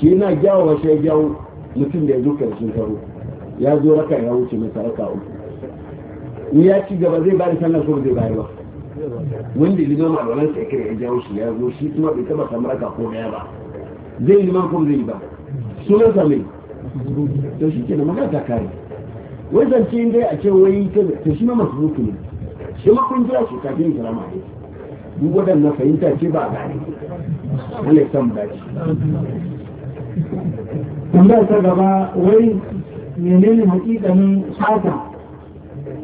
shi yana gyawa shi ya mutum da ya zo karshen karo ya zo raka ya wuce masa raka uku ni ya ci gaba zai bada sallar ko zai bayar ba wanda liman alwalan kai kariya ya jawo shi ya zo shi kuma bai taba samu raka ko daya ba zai liman ko zai yi ba sunan sa mai to shi ke da magana ta kare wai zance dai a ce wai ta shi ma masu zuku ne shi ma kun jira shi kafin kirama ne duk waɗannan fahimta ce ba a gane wanda ya samu dace tambaya ta gaba wai menene hakikanin fata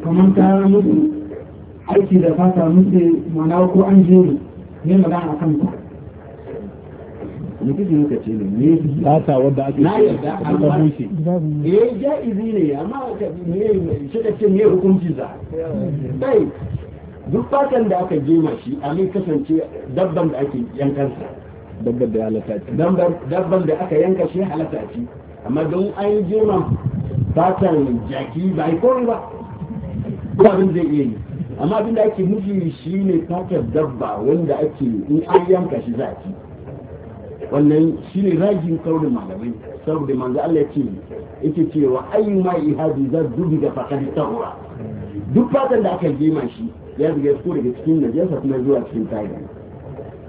kamar ta mutu aiki da fata mutu mana ko an jere ne magana a kanta mutu ne ka ce ne ne fata wadda ake na yarda amma eh ja ja'izi ne amma ka ne shi da ce ne hukunci za dai duk fatan da aka jima shi abin kasance dabban da ake yankansa dabban da halatta ci dabban da aka yanka shi halatta ci amma don an jima fatan jaki ba yi kori ba ko abin zai iya yi amma abin da ake nufi shi ne fatan dabba wanda ake in an yanka shi za a ci wannan shi ne rajin kaurin malamai saboda manzo Allah ya ce yake cewa ayyuma ihadi za dubi da fakari tawra duk fatan da aka ma shi ya zuge su daga cikin najasa kuma zuwa cikin taga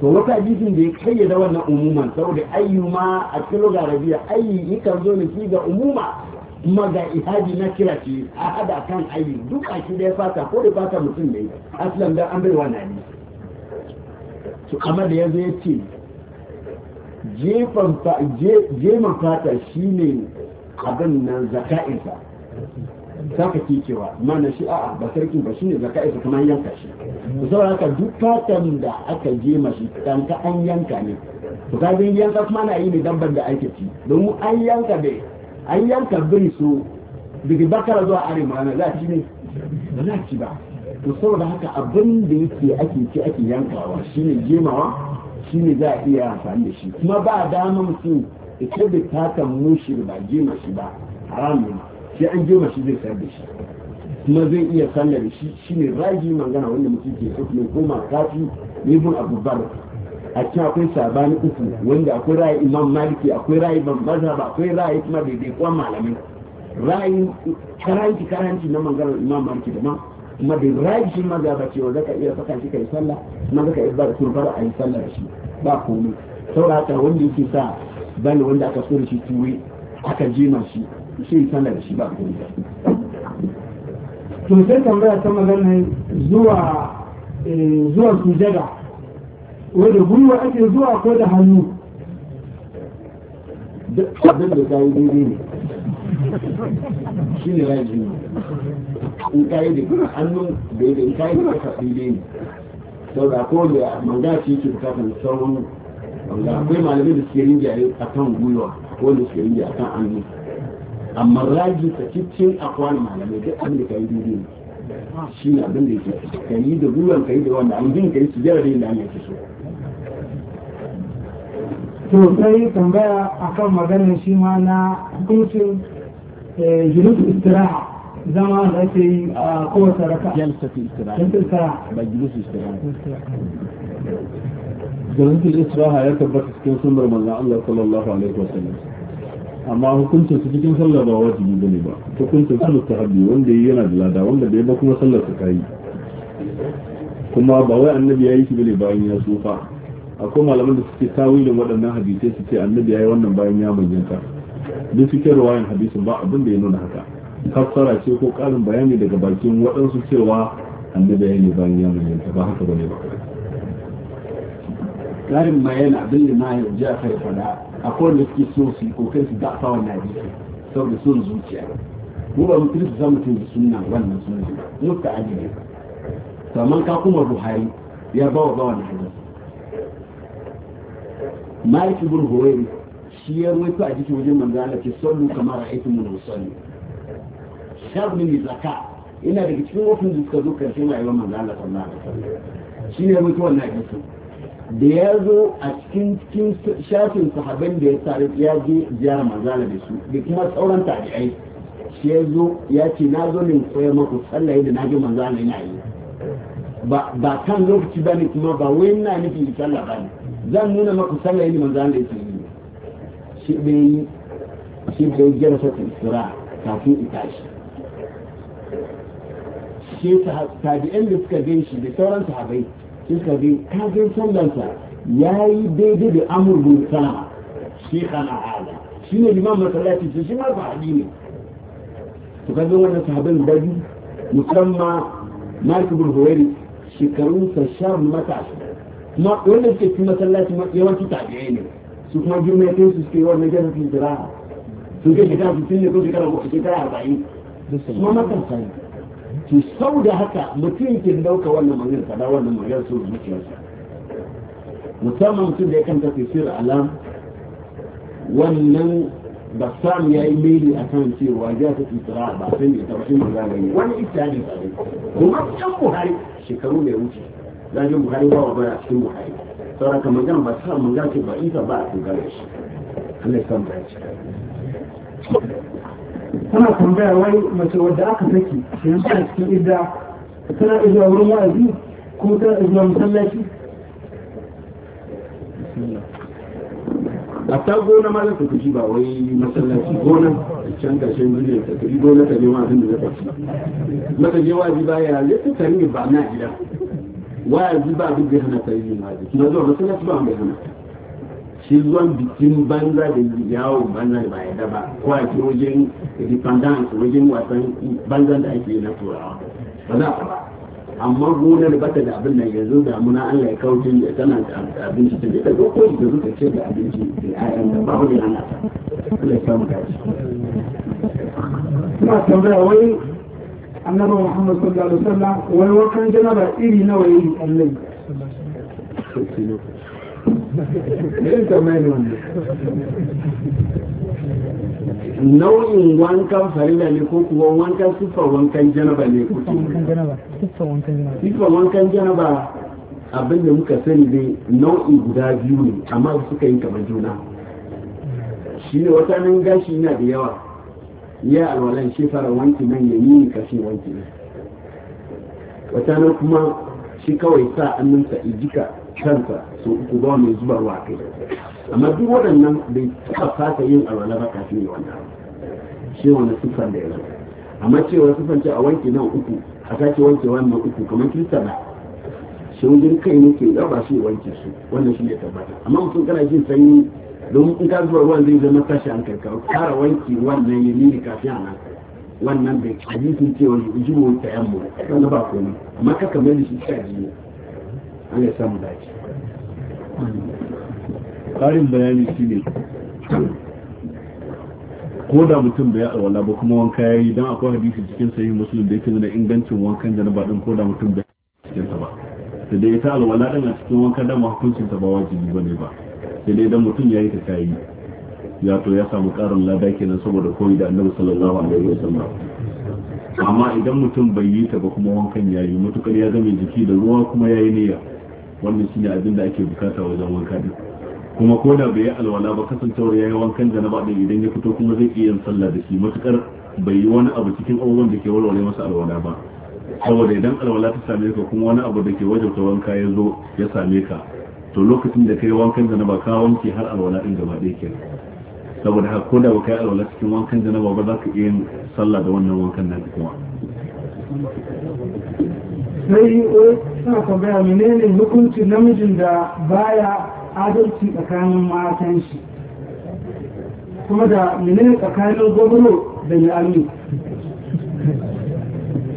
to wata hadisin da ya kayyada wannan umuman saboda ayyuma a cikin lugarabiya ayyi kan zo ne ga umuma kuma ga ihadi na kira ce a hada kan ayyi a shi da ya fata ko da fata mutum ne aslan da an bai wa nani to kamar da zo ya ce jefan jeman fata shine abin nan zaka'insa zaka kekewa mana shi a'a ba sarkin ba shine zaka isa kuma an yanka shi to saboda haka duk fatan da aka je mashi dan ka an yanka ne to ka ga yanka kuma na yi ne dabban da ake ci don an yanka bai an yanka bai so daga bakara zuwa arewa na za a ci ne ba za ci ba to saboda haka abin da yake ake ci ake yankawa shine jemawa shine za a iya amfani da shi kuma ba damar su ita da takan mushi ba jema shi ba haram ne sai an je shi zai sayar da shi kuma zai iya da shi ne ragi magana wanda mutum ke so ne koma kafi ne bin abu a cikin akwai sabani uku wanda akwai ra'ayi imam maliki akwai ra'ayi ban mazhaba akwai ra'ayi kuma daidaikuwan malamai ra'ayi karanci karanci na maganar imam maliki da ma kuma da ra'ayi shi mazhaba cewa zaka iya saka shi kai sallah kuma zaka iya bar turbar a yi sallah shi ba komai saboda haka wanda yake sa bani wanda aka so da shi tuwe aka jima shi shi da shi ba kuma to sai tambaya ta magana zuwa eh, zuwa sujada wadda gwiwa ake zuwa ko da hannu da da kayi daidai ne shi ne raji ne in kayi da hannun daidai in kayi da kasa daidai ne sau da ko da manga ce ke bukatar sauran manga akwai malamai da suke rinjaye a kan gwiwa ko da suke rinjaye a kan hannu amma ragi ta cikin akwan malamai duk abin da ka yi dubi ne shi ne abin da yake ka yi da ruwan ka yi da wanda an jin ka yi su jira da yadda an yake so to sai tambaya a kan maganin shi ma na hukuncin eh, jirutu istiraha zama da ake yi a kowace raka jalsafi istiraha ba jirutu istiraha jirutu istiraha ya tabbata cikin sunar manzan Allah sallallahu alaihi wasallam amma hukuncin su cikin sallah ba wajibi bane ba hukuncin ta hadi wanda yi yana da lada wanda bai ba kuma sallar su kai kuma ba wai annabi yayi shi bane bayan ya tsufa akwai malaman da suke tawilin waɗannan hadisai su ce annabi yayi wannan bayan ya manyanta duk cikin ruwayan hadisin ba abin da ya nuna haka fassara ce ko ƙarin bayani daga bakin waɗansu cewa annabi yayi bayan ya manyanta ba haka bane ba karin bayan abin da na a kai fada akwai wanda suke so su yi kokarin su dafa wannan hadisi saboda son zuciya mu ba mutum su zama mutum da suna wannan sunna mu ka ajiye to amma ka kuma buhari ya bawa ba wannan hadisi malik ibn hore shi ya ruwaito a cikin wajen manzo Allah ke mu kamar mun min usalli ne mai zaka ina daga cikin wofin da suka zo karshen rayuwar manzo Allah shi ne ya shine ruwaito wannan hadisi da ya zo a cikin shafin sahabin da ya tare ya je ziyara manzala da su da kuma sauran tabi'ai shi ya zo ya ce na zo ne koya maku tsallaye da na ji manzala yana yi ba kan lokaci ba ne kuma ba wai na nufi sallah ba ne zan nuna maku tsallaye da manzala yake yi shi bai shi bai gyara sakin sura kafin ita shi shi tabi'in da suka gan shi da sauran sahabai suka bi kafin sallansa ya yi daidai da amurbin sama shi kana ala shi ne liman masallaci su shi marfa hadi ne su kafin wannan sahabin bari musamman marki burhuwari shekarunsa shan matashi kuma wanda suke fi masallaci yawanci tabi'ai ne su kuma jimaitin su suke wannan jasa su jira su ke shekara 60 ne ko shekara 40 kuma matasa ne to sau da haka mutum ke dauka wannan magana kada wannan magana su zuciyarsa musamman mutum da ya kanta tafsir alam wannan ba sam ya yi meli a kan cewa ya ta tsira ba sai ya ta wasu magana ne wani ita ne ba ne kuma can buhari shekaru da wuce zagin buhari ba wa bara cikin buhari sauraka magana ba sa magana ce ba ita ba a tugare shi Allah ya san ba ya tana tambaya wai mace wadda aka saki yanzu a cikin idda tana izuwa wurin wa'azi ko tana izuwa musallaci. a ta gona ma za ta kuci ba wai masallaci gona a can gashin birnin ta kuri gona ta nema abin da zai kwaci maka je wa'azi ba ya zai ta ne ba na gida wa'azi ba abin da hana ta yi ma kuma zuwa masallaci ba mai hana shi zuwan bikin banza da yawon banza da ba da ba ko a ke wajen independence wajen wasan banza da ake na turawa ba za a ba amma gonar bata da abin da yanzu damuna Allah ya kawo jin da tana da abinci ta ita ko ko da zuka ce da abinci da ayan da babu ne ana ta Allah ya samu gaci kuma tambaya wai annabi Muhammad sallallahu alaihi wasallam wai wakan janaba iri nawa yi annabi nau'in wankan farila ne ko kuwa wankan siffar wankan janaba ne siffar wankan janaba abinda muka sani dai nau'i guda biyu ne amma suka yi kamar juna shi ne wata nan gashi yana da yawa ya alwalan shi fara wanki nan ya yi kashe wanki ne wata nan kuma shi kawai sa annunsa ijika kansa su ku ba mu mai ruwa kai amma duk waɗannan bai suka fata yin alwala ba kafin ya wannan shi wani siffar da ya amma cewa siffar ce a wanke nan uku a sake wanke wannan uku kamar kirista ba shi kai ne ke ɗaba shi wanke su wannan shi ne tabbata amma mutum kana jin sanyi don in ka zuwa ruwan zai zama tashi an kai kawo kara wanke wannan ya nini kafin a nan wannan bai hadisin cewa yi ujubu ta yamma wannan ba komai amma ka kamar shi ka ji Karin ya samu ƙarin bayani shi ne ko da mutum bai alwala ba kuma wanka ya yi don akwai hadisi cikin sahihin musulun da ya yake da ingancin wankan janaba ko da mutum bai cikin ta ba da dai ta alwala ɗin a cikin wanka dama hukuncin ta ba wajibi ne ba sai dai don mutum ya yi ta yi ya to ya samu ƙarin lada kenan saboda koyi da Annabi sallallahu alaihi sallam amma idan mutum bai yi ta ba kuma wankan ya yi, matuƙar ya zame jiki da ruwa kuma ya yi niyya wannan shine abin da ake bukata wajen wanka din kuma ko da bai yi alwala ba kasancewar yayi wankan janaba din idan ya fito kuma zai iya yin sallah da shi matukar bai yi wani abu cikin abubuwan da ke walwale masa alwala ba saboda idan alwala ta same ka kuma wani abu da ke wajen wanka ya zo ya same ka to lokacin da kai wankan janaba ka wanke har alwala din gaba ɗaya kenan saboda haka ko da ba kai alwala cikin wankan janaba ba za ka iya yin sallah da wannan wankan na kuma sai suna tambaya menene hukuncin namijin da baya adalci tsakanin matan shi kuma da menene tsakanin gwamnati da yami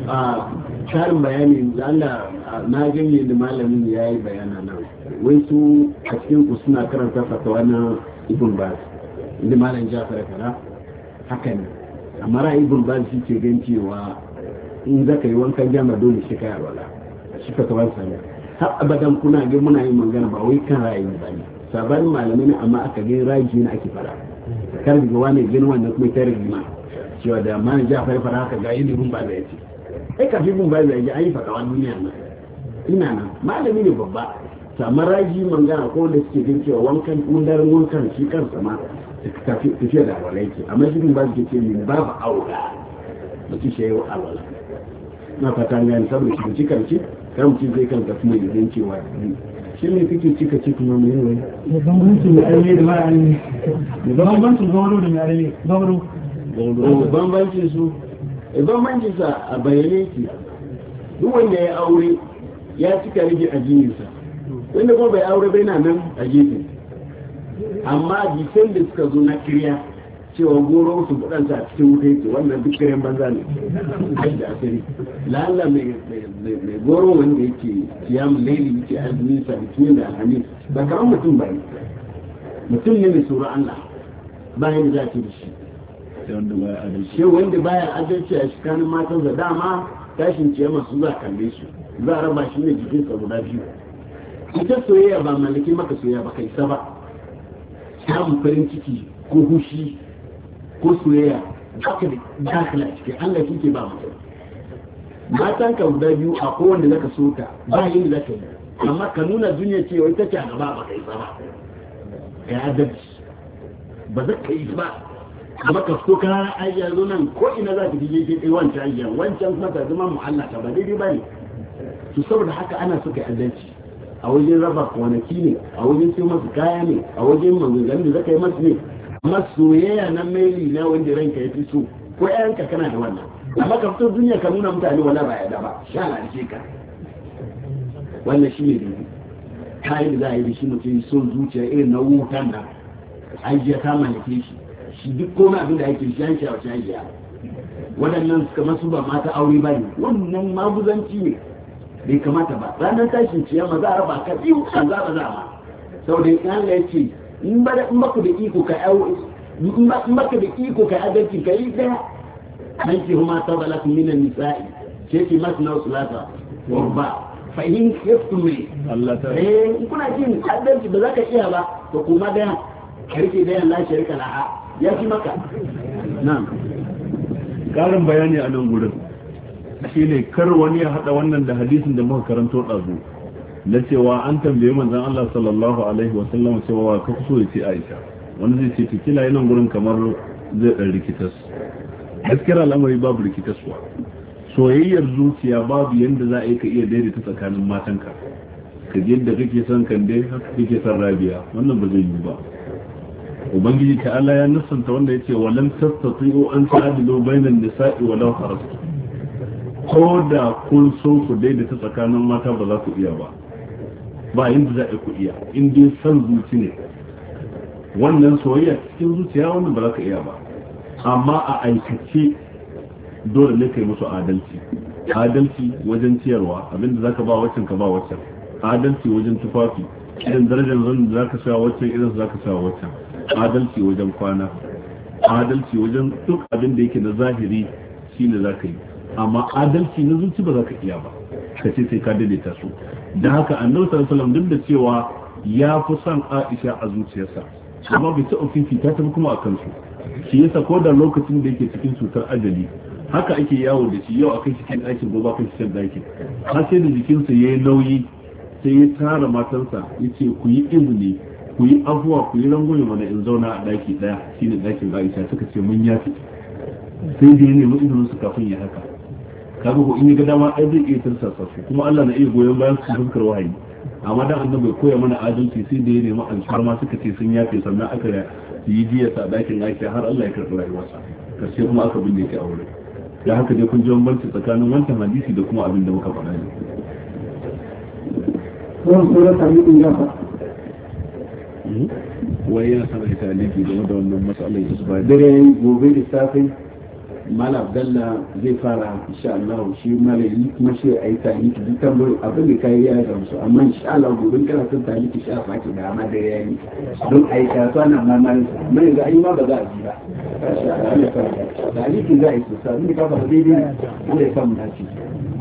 a da bayani da na ganye da malamin ya yi bayana nan wai su a cikin ku suna karanta fatawa na ibn baz inda malam jafar kara haka ne amma ra ibn baz shi ke gan cewa in za ka yi wankan jama dole shi ka yarwa a shi ka kawar sami har abadan kuna ga muna yin magana ba wai kan ra'ayi ba ne sabanin malamai ne amma aka gani ra'ayi na ake fara kar daga wani gani wannan kuma ta rigima cewa da ma ja fai fara haka ga yin gun ba da yace ai kafi gun ba da yace ai fa kawai duniya nan ina nan malami ne babba amma raji mangana ko da suke jin cewa wankan kundar wankan shi kansa ma tafiya da walaiki amma shi ba su ke ce min babu aula mutum shi ya yi wa alwala na fata gani saboda cikin ci karce kar mutum zai kan tafi mai gidan cewa shi ne kake cika ci kuma mai yawai da bambancin da aure da ba aure da bambancin gauro da mai aure gauro eh, bambancin su eh, bambancin sa a bayyane ki duk wanda ya aure ya cika rigin a jininsa wanda kuma bai aure bai na nan a gefe amma jisan da suka zo na kiriya cewa goron su budansa a cikin wuta yake wannan duk karen banza ne da asiri lalla mai goro wanda yake kiyamun laili yake azumin sa litinin da alhamis ba kamar mutum ba ne mutum ne mai tsoron allah bayan da za ta da shi shi wanda baya adalci a shikanin matan da dama tashin ciyama su za kalle su za a raba shi ne jikinsa guda biyu ita soyayya ba malaki maka soyayya ba kai saba samun farin ciki ko hushi ko soyayya zaka dakala a cikin Allah shi ke ba mutum matan ka guda biyu a kowanne zaka so ta ba yin zaka yi amma ka nuna duniya cewa ita ce a gaba ba kai ba ya adalci ba ka yi ba amma ka fito kana ajiya zo nan ko ina za ka je kai wancan ajiya wancan kuma ta zama mu'allaka ba daidai ba ne to saboda haka ana so yi adalci a wajen raba kwanaki ne a wajen sai masu kaya ne a wajen manzanni da zaka yi masu ne amma soyayya na meli na wanda ranka ya fi so ko yayanka kana da wannan amma ka fito duniya ka nuna mutane wala ba ya ba sha na da ka wannan shi ne dai kayan da za a yi da shi mutum son zuciya irin na wutan ajiya ta mallake shi shi duk komai abin da ake shi an shi a wacce ajiya waɗannan suka masu ba mata aure ba ne wannan maguzanci ne bai kamata ba ranar tashin ciyama za a raba ka biyu a za a za a ba sau da ya ce in ba in da iko ka au in baka da iko ka adalci ka yi daya an ki huma tabalakum min an-nisa'i sai ki masna wa sulasa wa ba fa in khiftum li Allah ta eh kuna jin adalci ba za ka iya ba to kuma daya karke daya la sharika laha ya fi maka na'am karin bayani a nan gurin shi ne kar wani ya hada wannan da hadisin da muka karanto ɗazu na cewa an tambaye manzon Allah sallallahu alaihi wasallam cewa ka so ya ce Aisha wani zai ce ta kila yana gurin kamar zai dan rikitas gaskiyar al'amari babu wa soyayyar zuciya babu yadda za a yi ka iya daidaita tsakanin matanka ka ji yadda kake son kande haka kake son rabiya wannan ba zai yi ba ubangiji ta Allah ya nasanta wanda wa walam tastati'u an sa'adu bainan nisa'i law harastu ko da kun so ku daidaita tsakanin mata ba za ku iya ba ba yanzu za a kuɗiya in dai san zuci ne wannan soyayya cikin zuciya wannan ba za ka iya ba amma a aikace dole ne kai musu adalci adalci wajen ciyarwa abinda za ka ba waccan ka ba waccan adalci wajen tufafi irin darajar zan da za ka sa waccan irin za ka sa waccan adalci wajen kwana adalci wajen duk abin da yake na zahiri shine za ka yi amma adalci na zuci ba za ka iya ba ka ce sai ka daidaita su da haka annabi sallallahu alaihi wasallam duk da cewa ya fi son Aisha a zuciyarsa amma bai ta ofifi ta tafi kuma a kansu shi yasa ko da lokacin da yake cikin cutar ajali haka ake yawo da shi yau akan cikin ɗakin gobe akan cikin ɗakin har sai da jikinsa ya yi nauyi sai ya tara matansa ya ce ku yi izini ku yi afuwa ku yi rangoyi mana in zauna a daki daya shine dakin Aisha suka ce mun yafi sai da ya nemi izinin su kafin ya haka k'a ruhu in yi ga dama ai zai iya tirsasa su kuma Allah na iya goyon bayan su fuskar wahayi amma dan annabi koya mana adalci sai da ya nemi alfarma suka ce sun yafe sannan aka yi jiya sa dakin aiki har Allah ya karɓi rayuwarsa karshe kuma aka binne shi a wurin da haka dai kun ji bambanci tsakanin wancan hadisi da kuma abin da muka faɗa ne wani surat hadisin ya fa wai yana sanar da taliki game da wannan su ba dare gobe da safe mala abdalla zai fara insha Allah shi yi kuma shi a yi taliki duk tambayi abin da kai ya gamsu amma insha Allah gobe kana son taliki shi a faki da amma da yayi don a yi kasuwa nan ma mai mai ga yi ma ba za a ji ba taliki za a yi sosai sa ni ka fara daidai ne da ya samu dace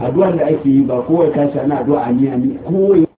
addu'a da ake yi ba kowa tashi ana addu'a ani ani kowa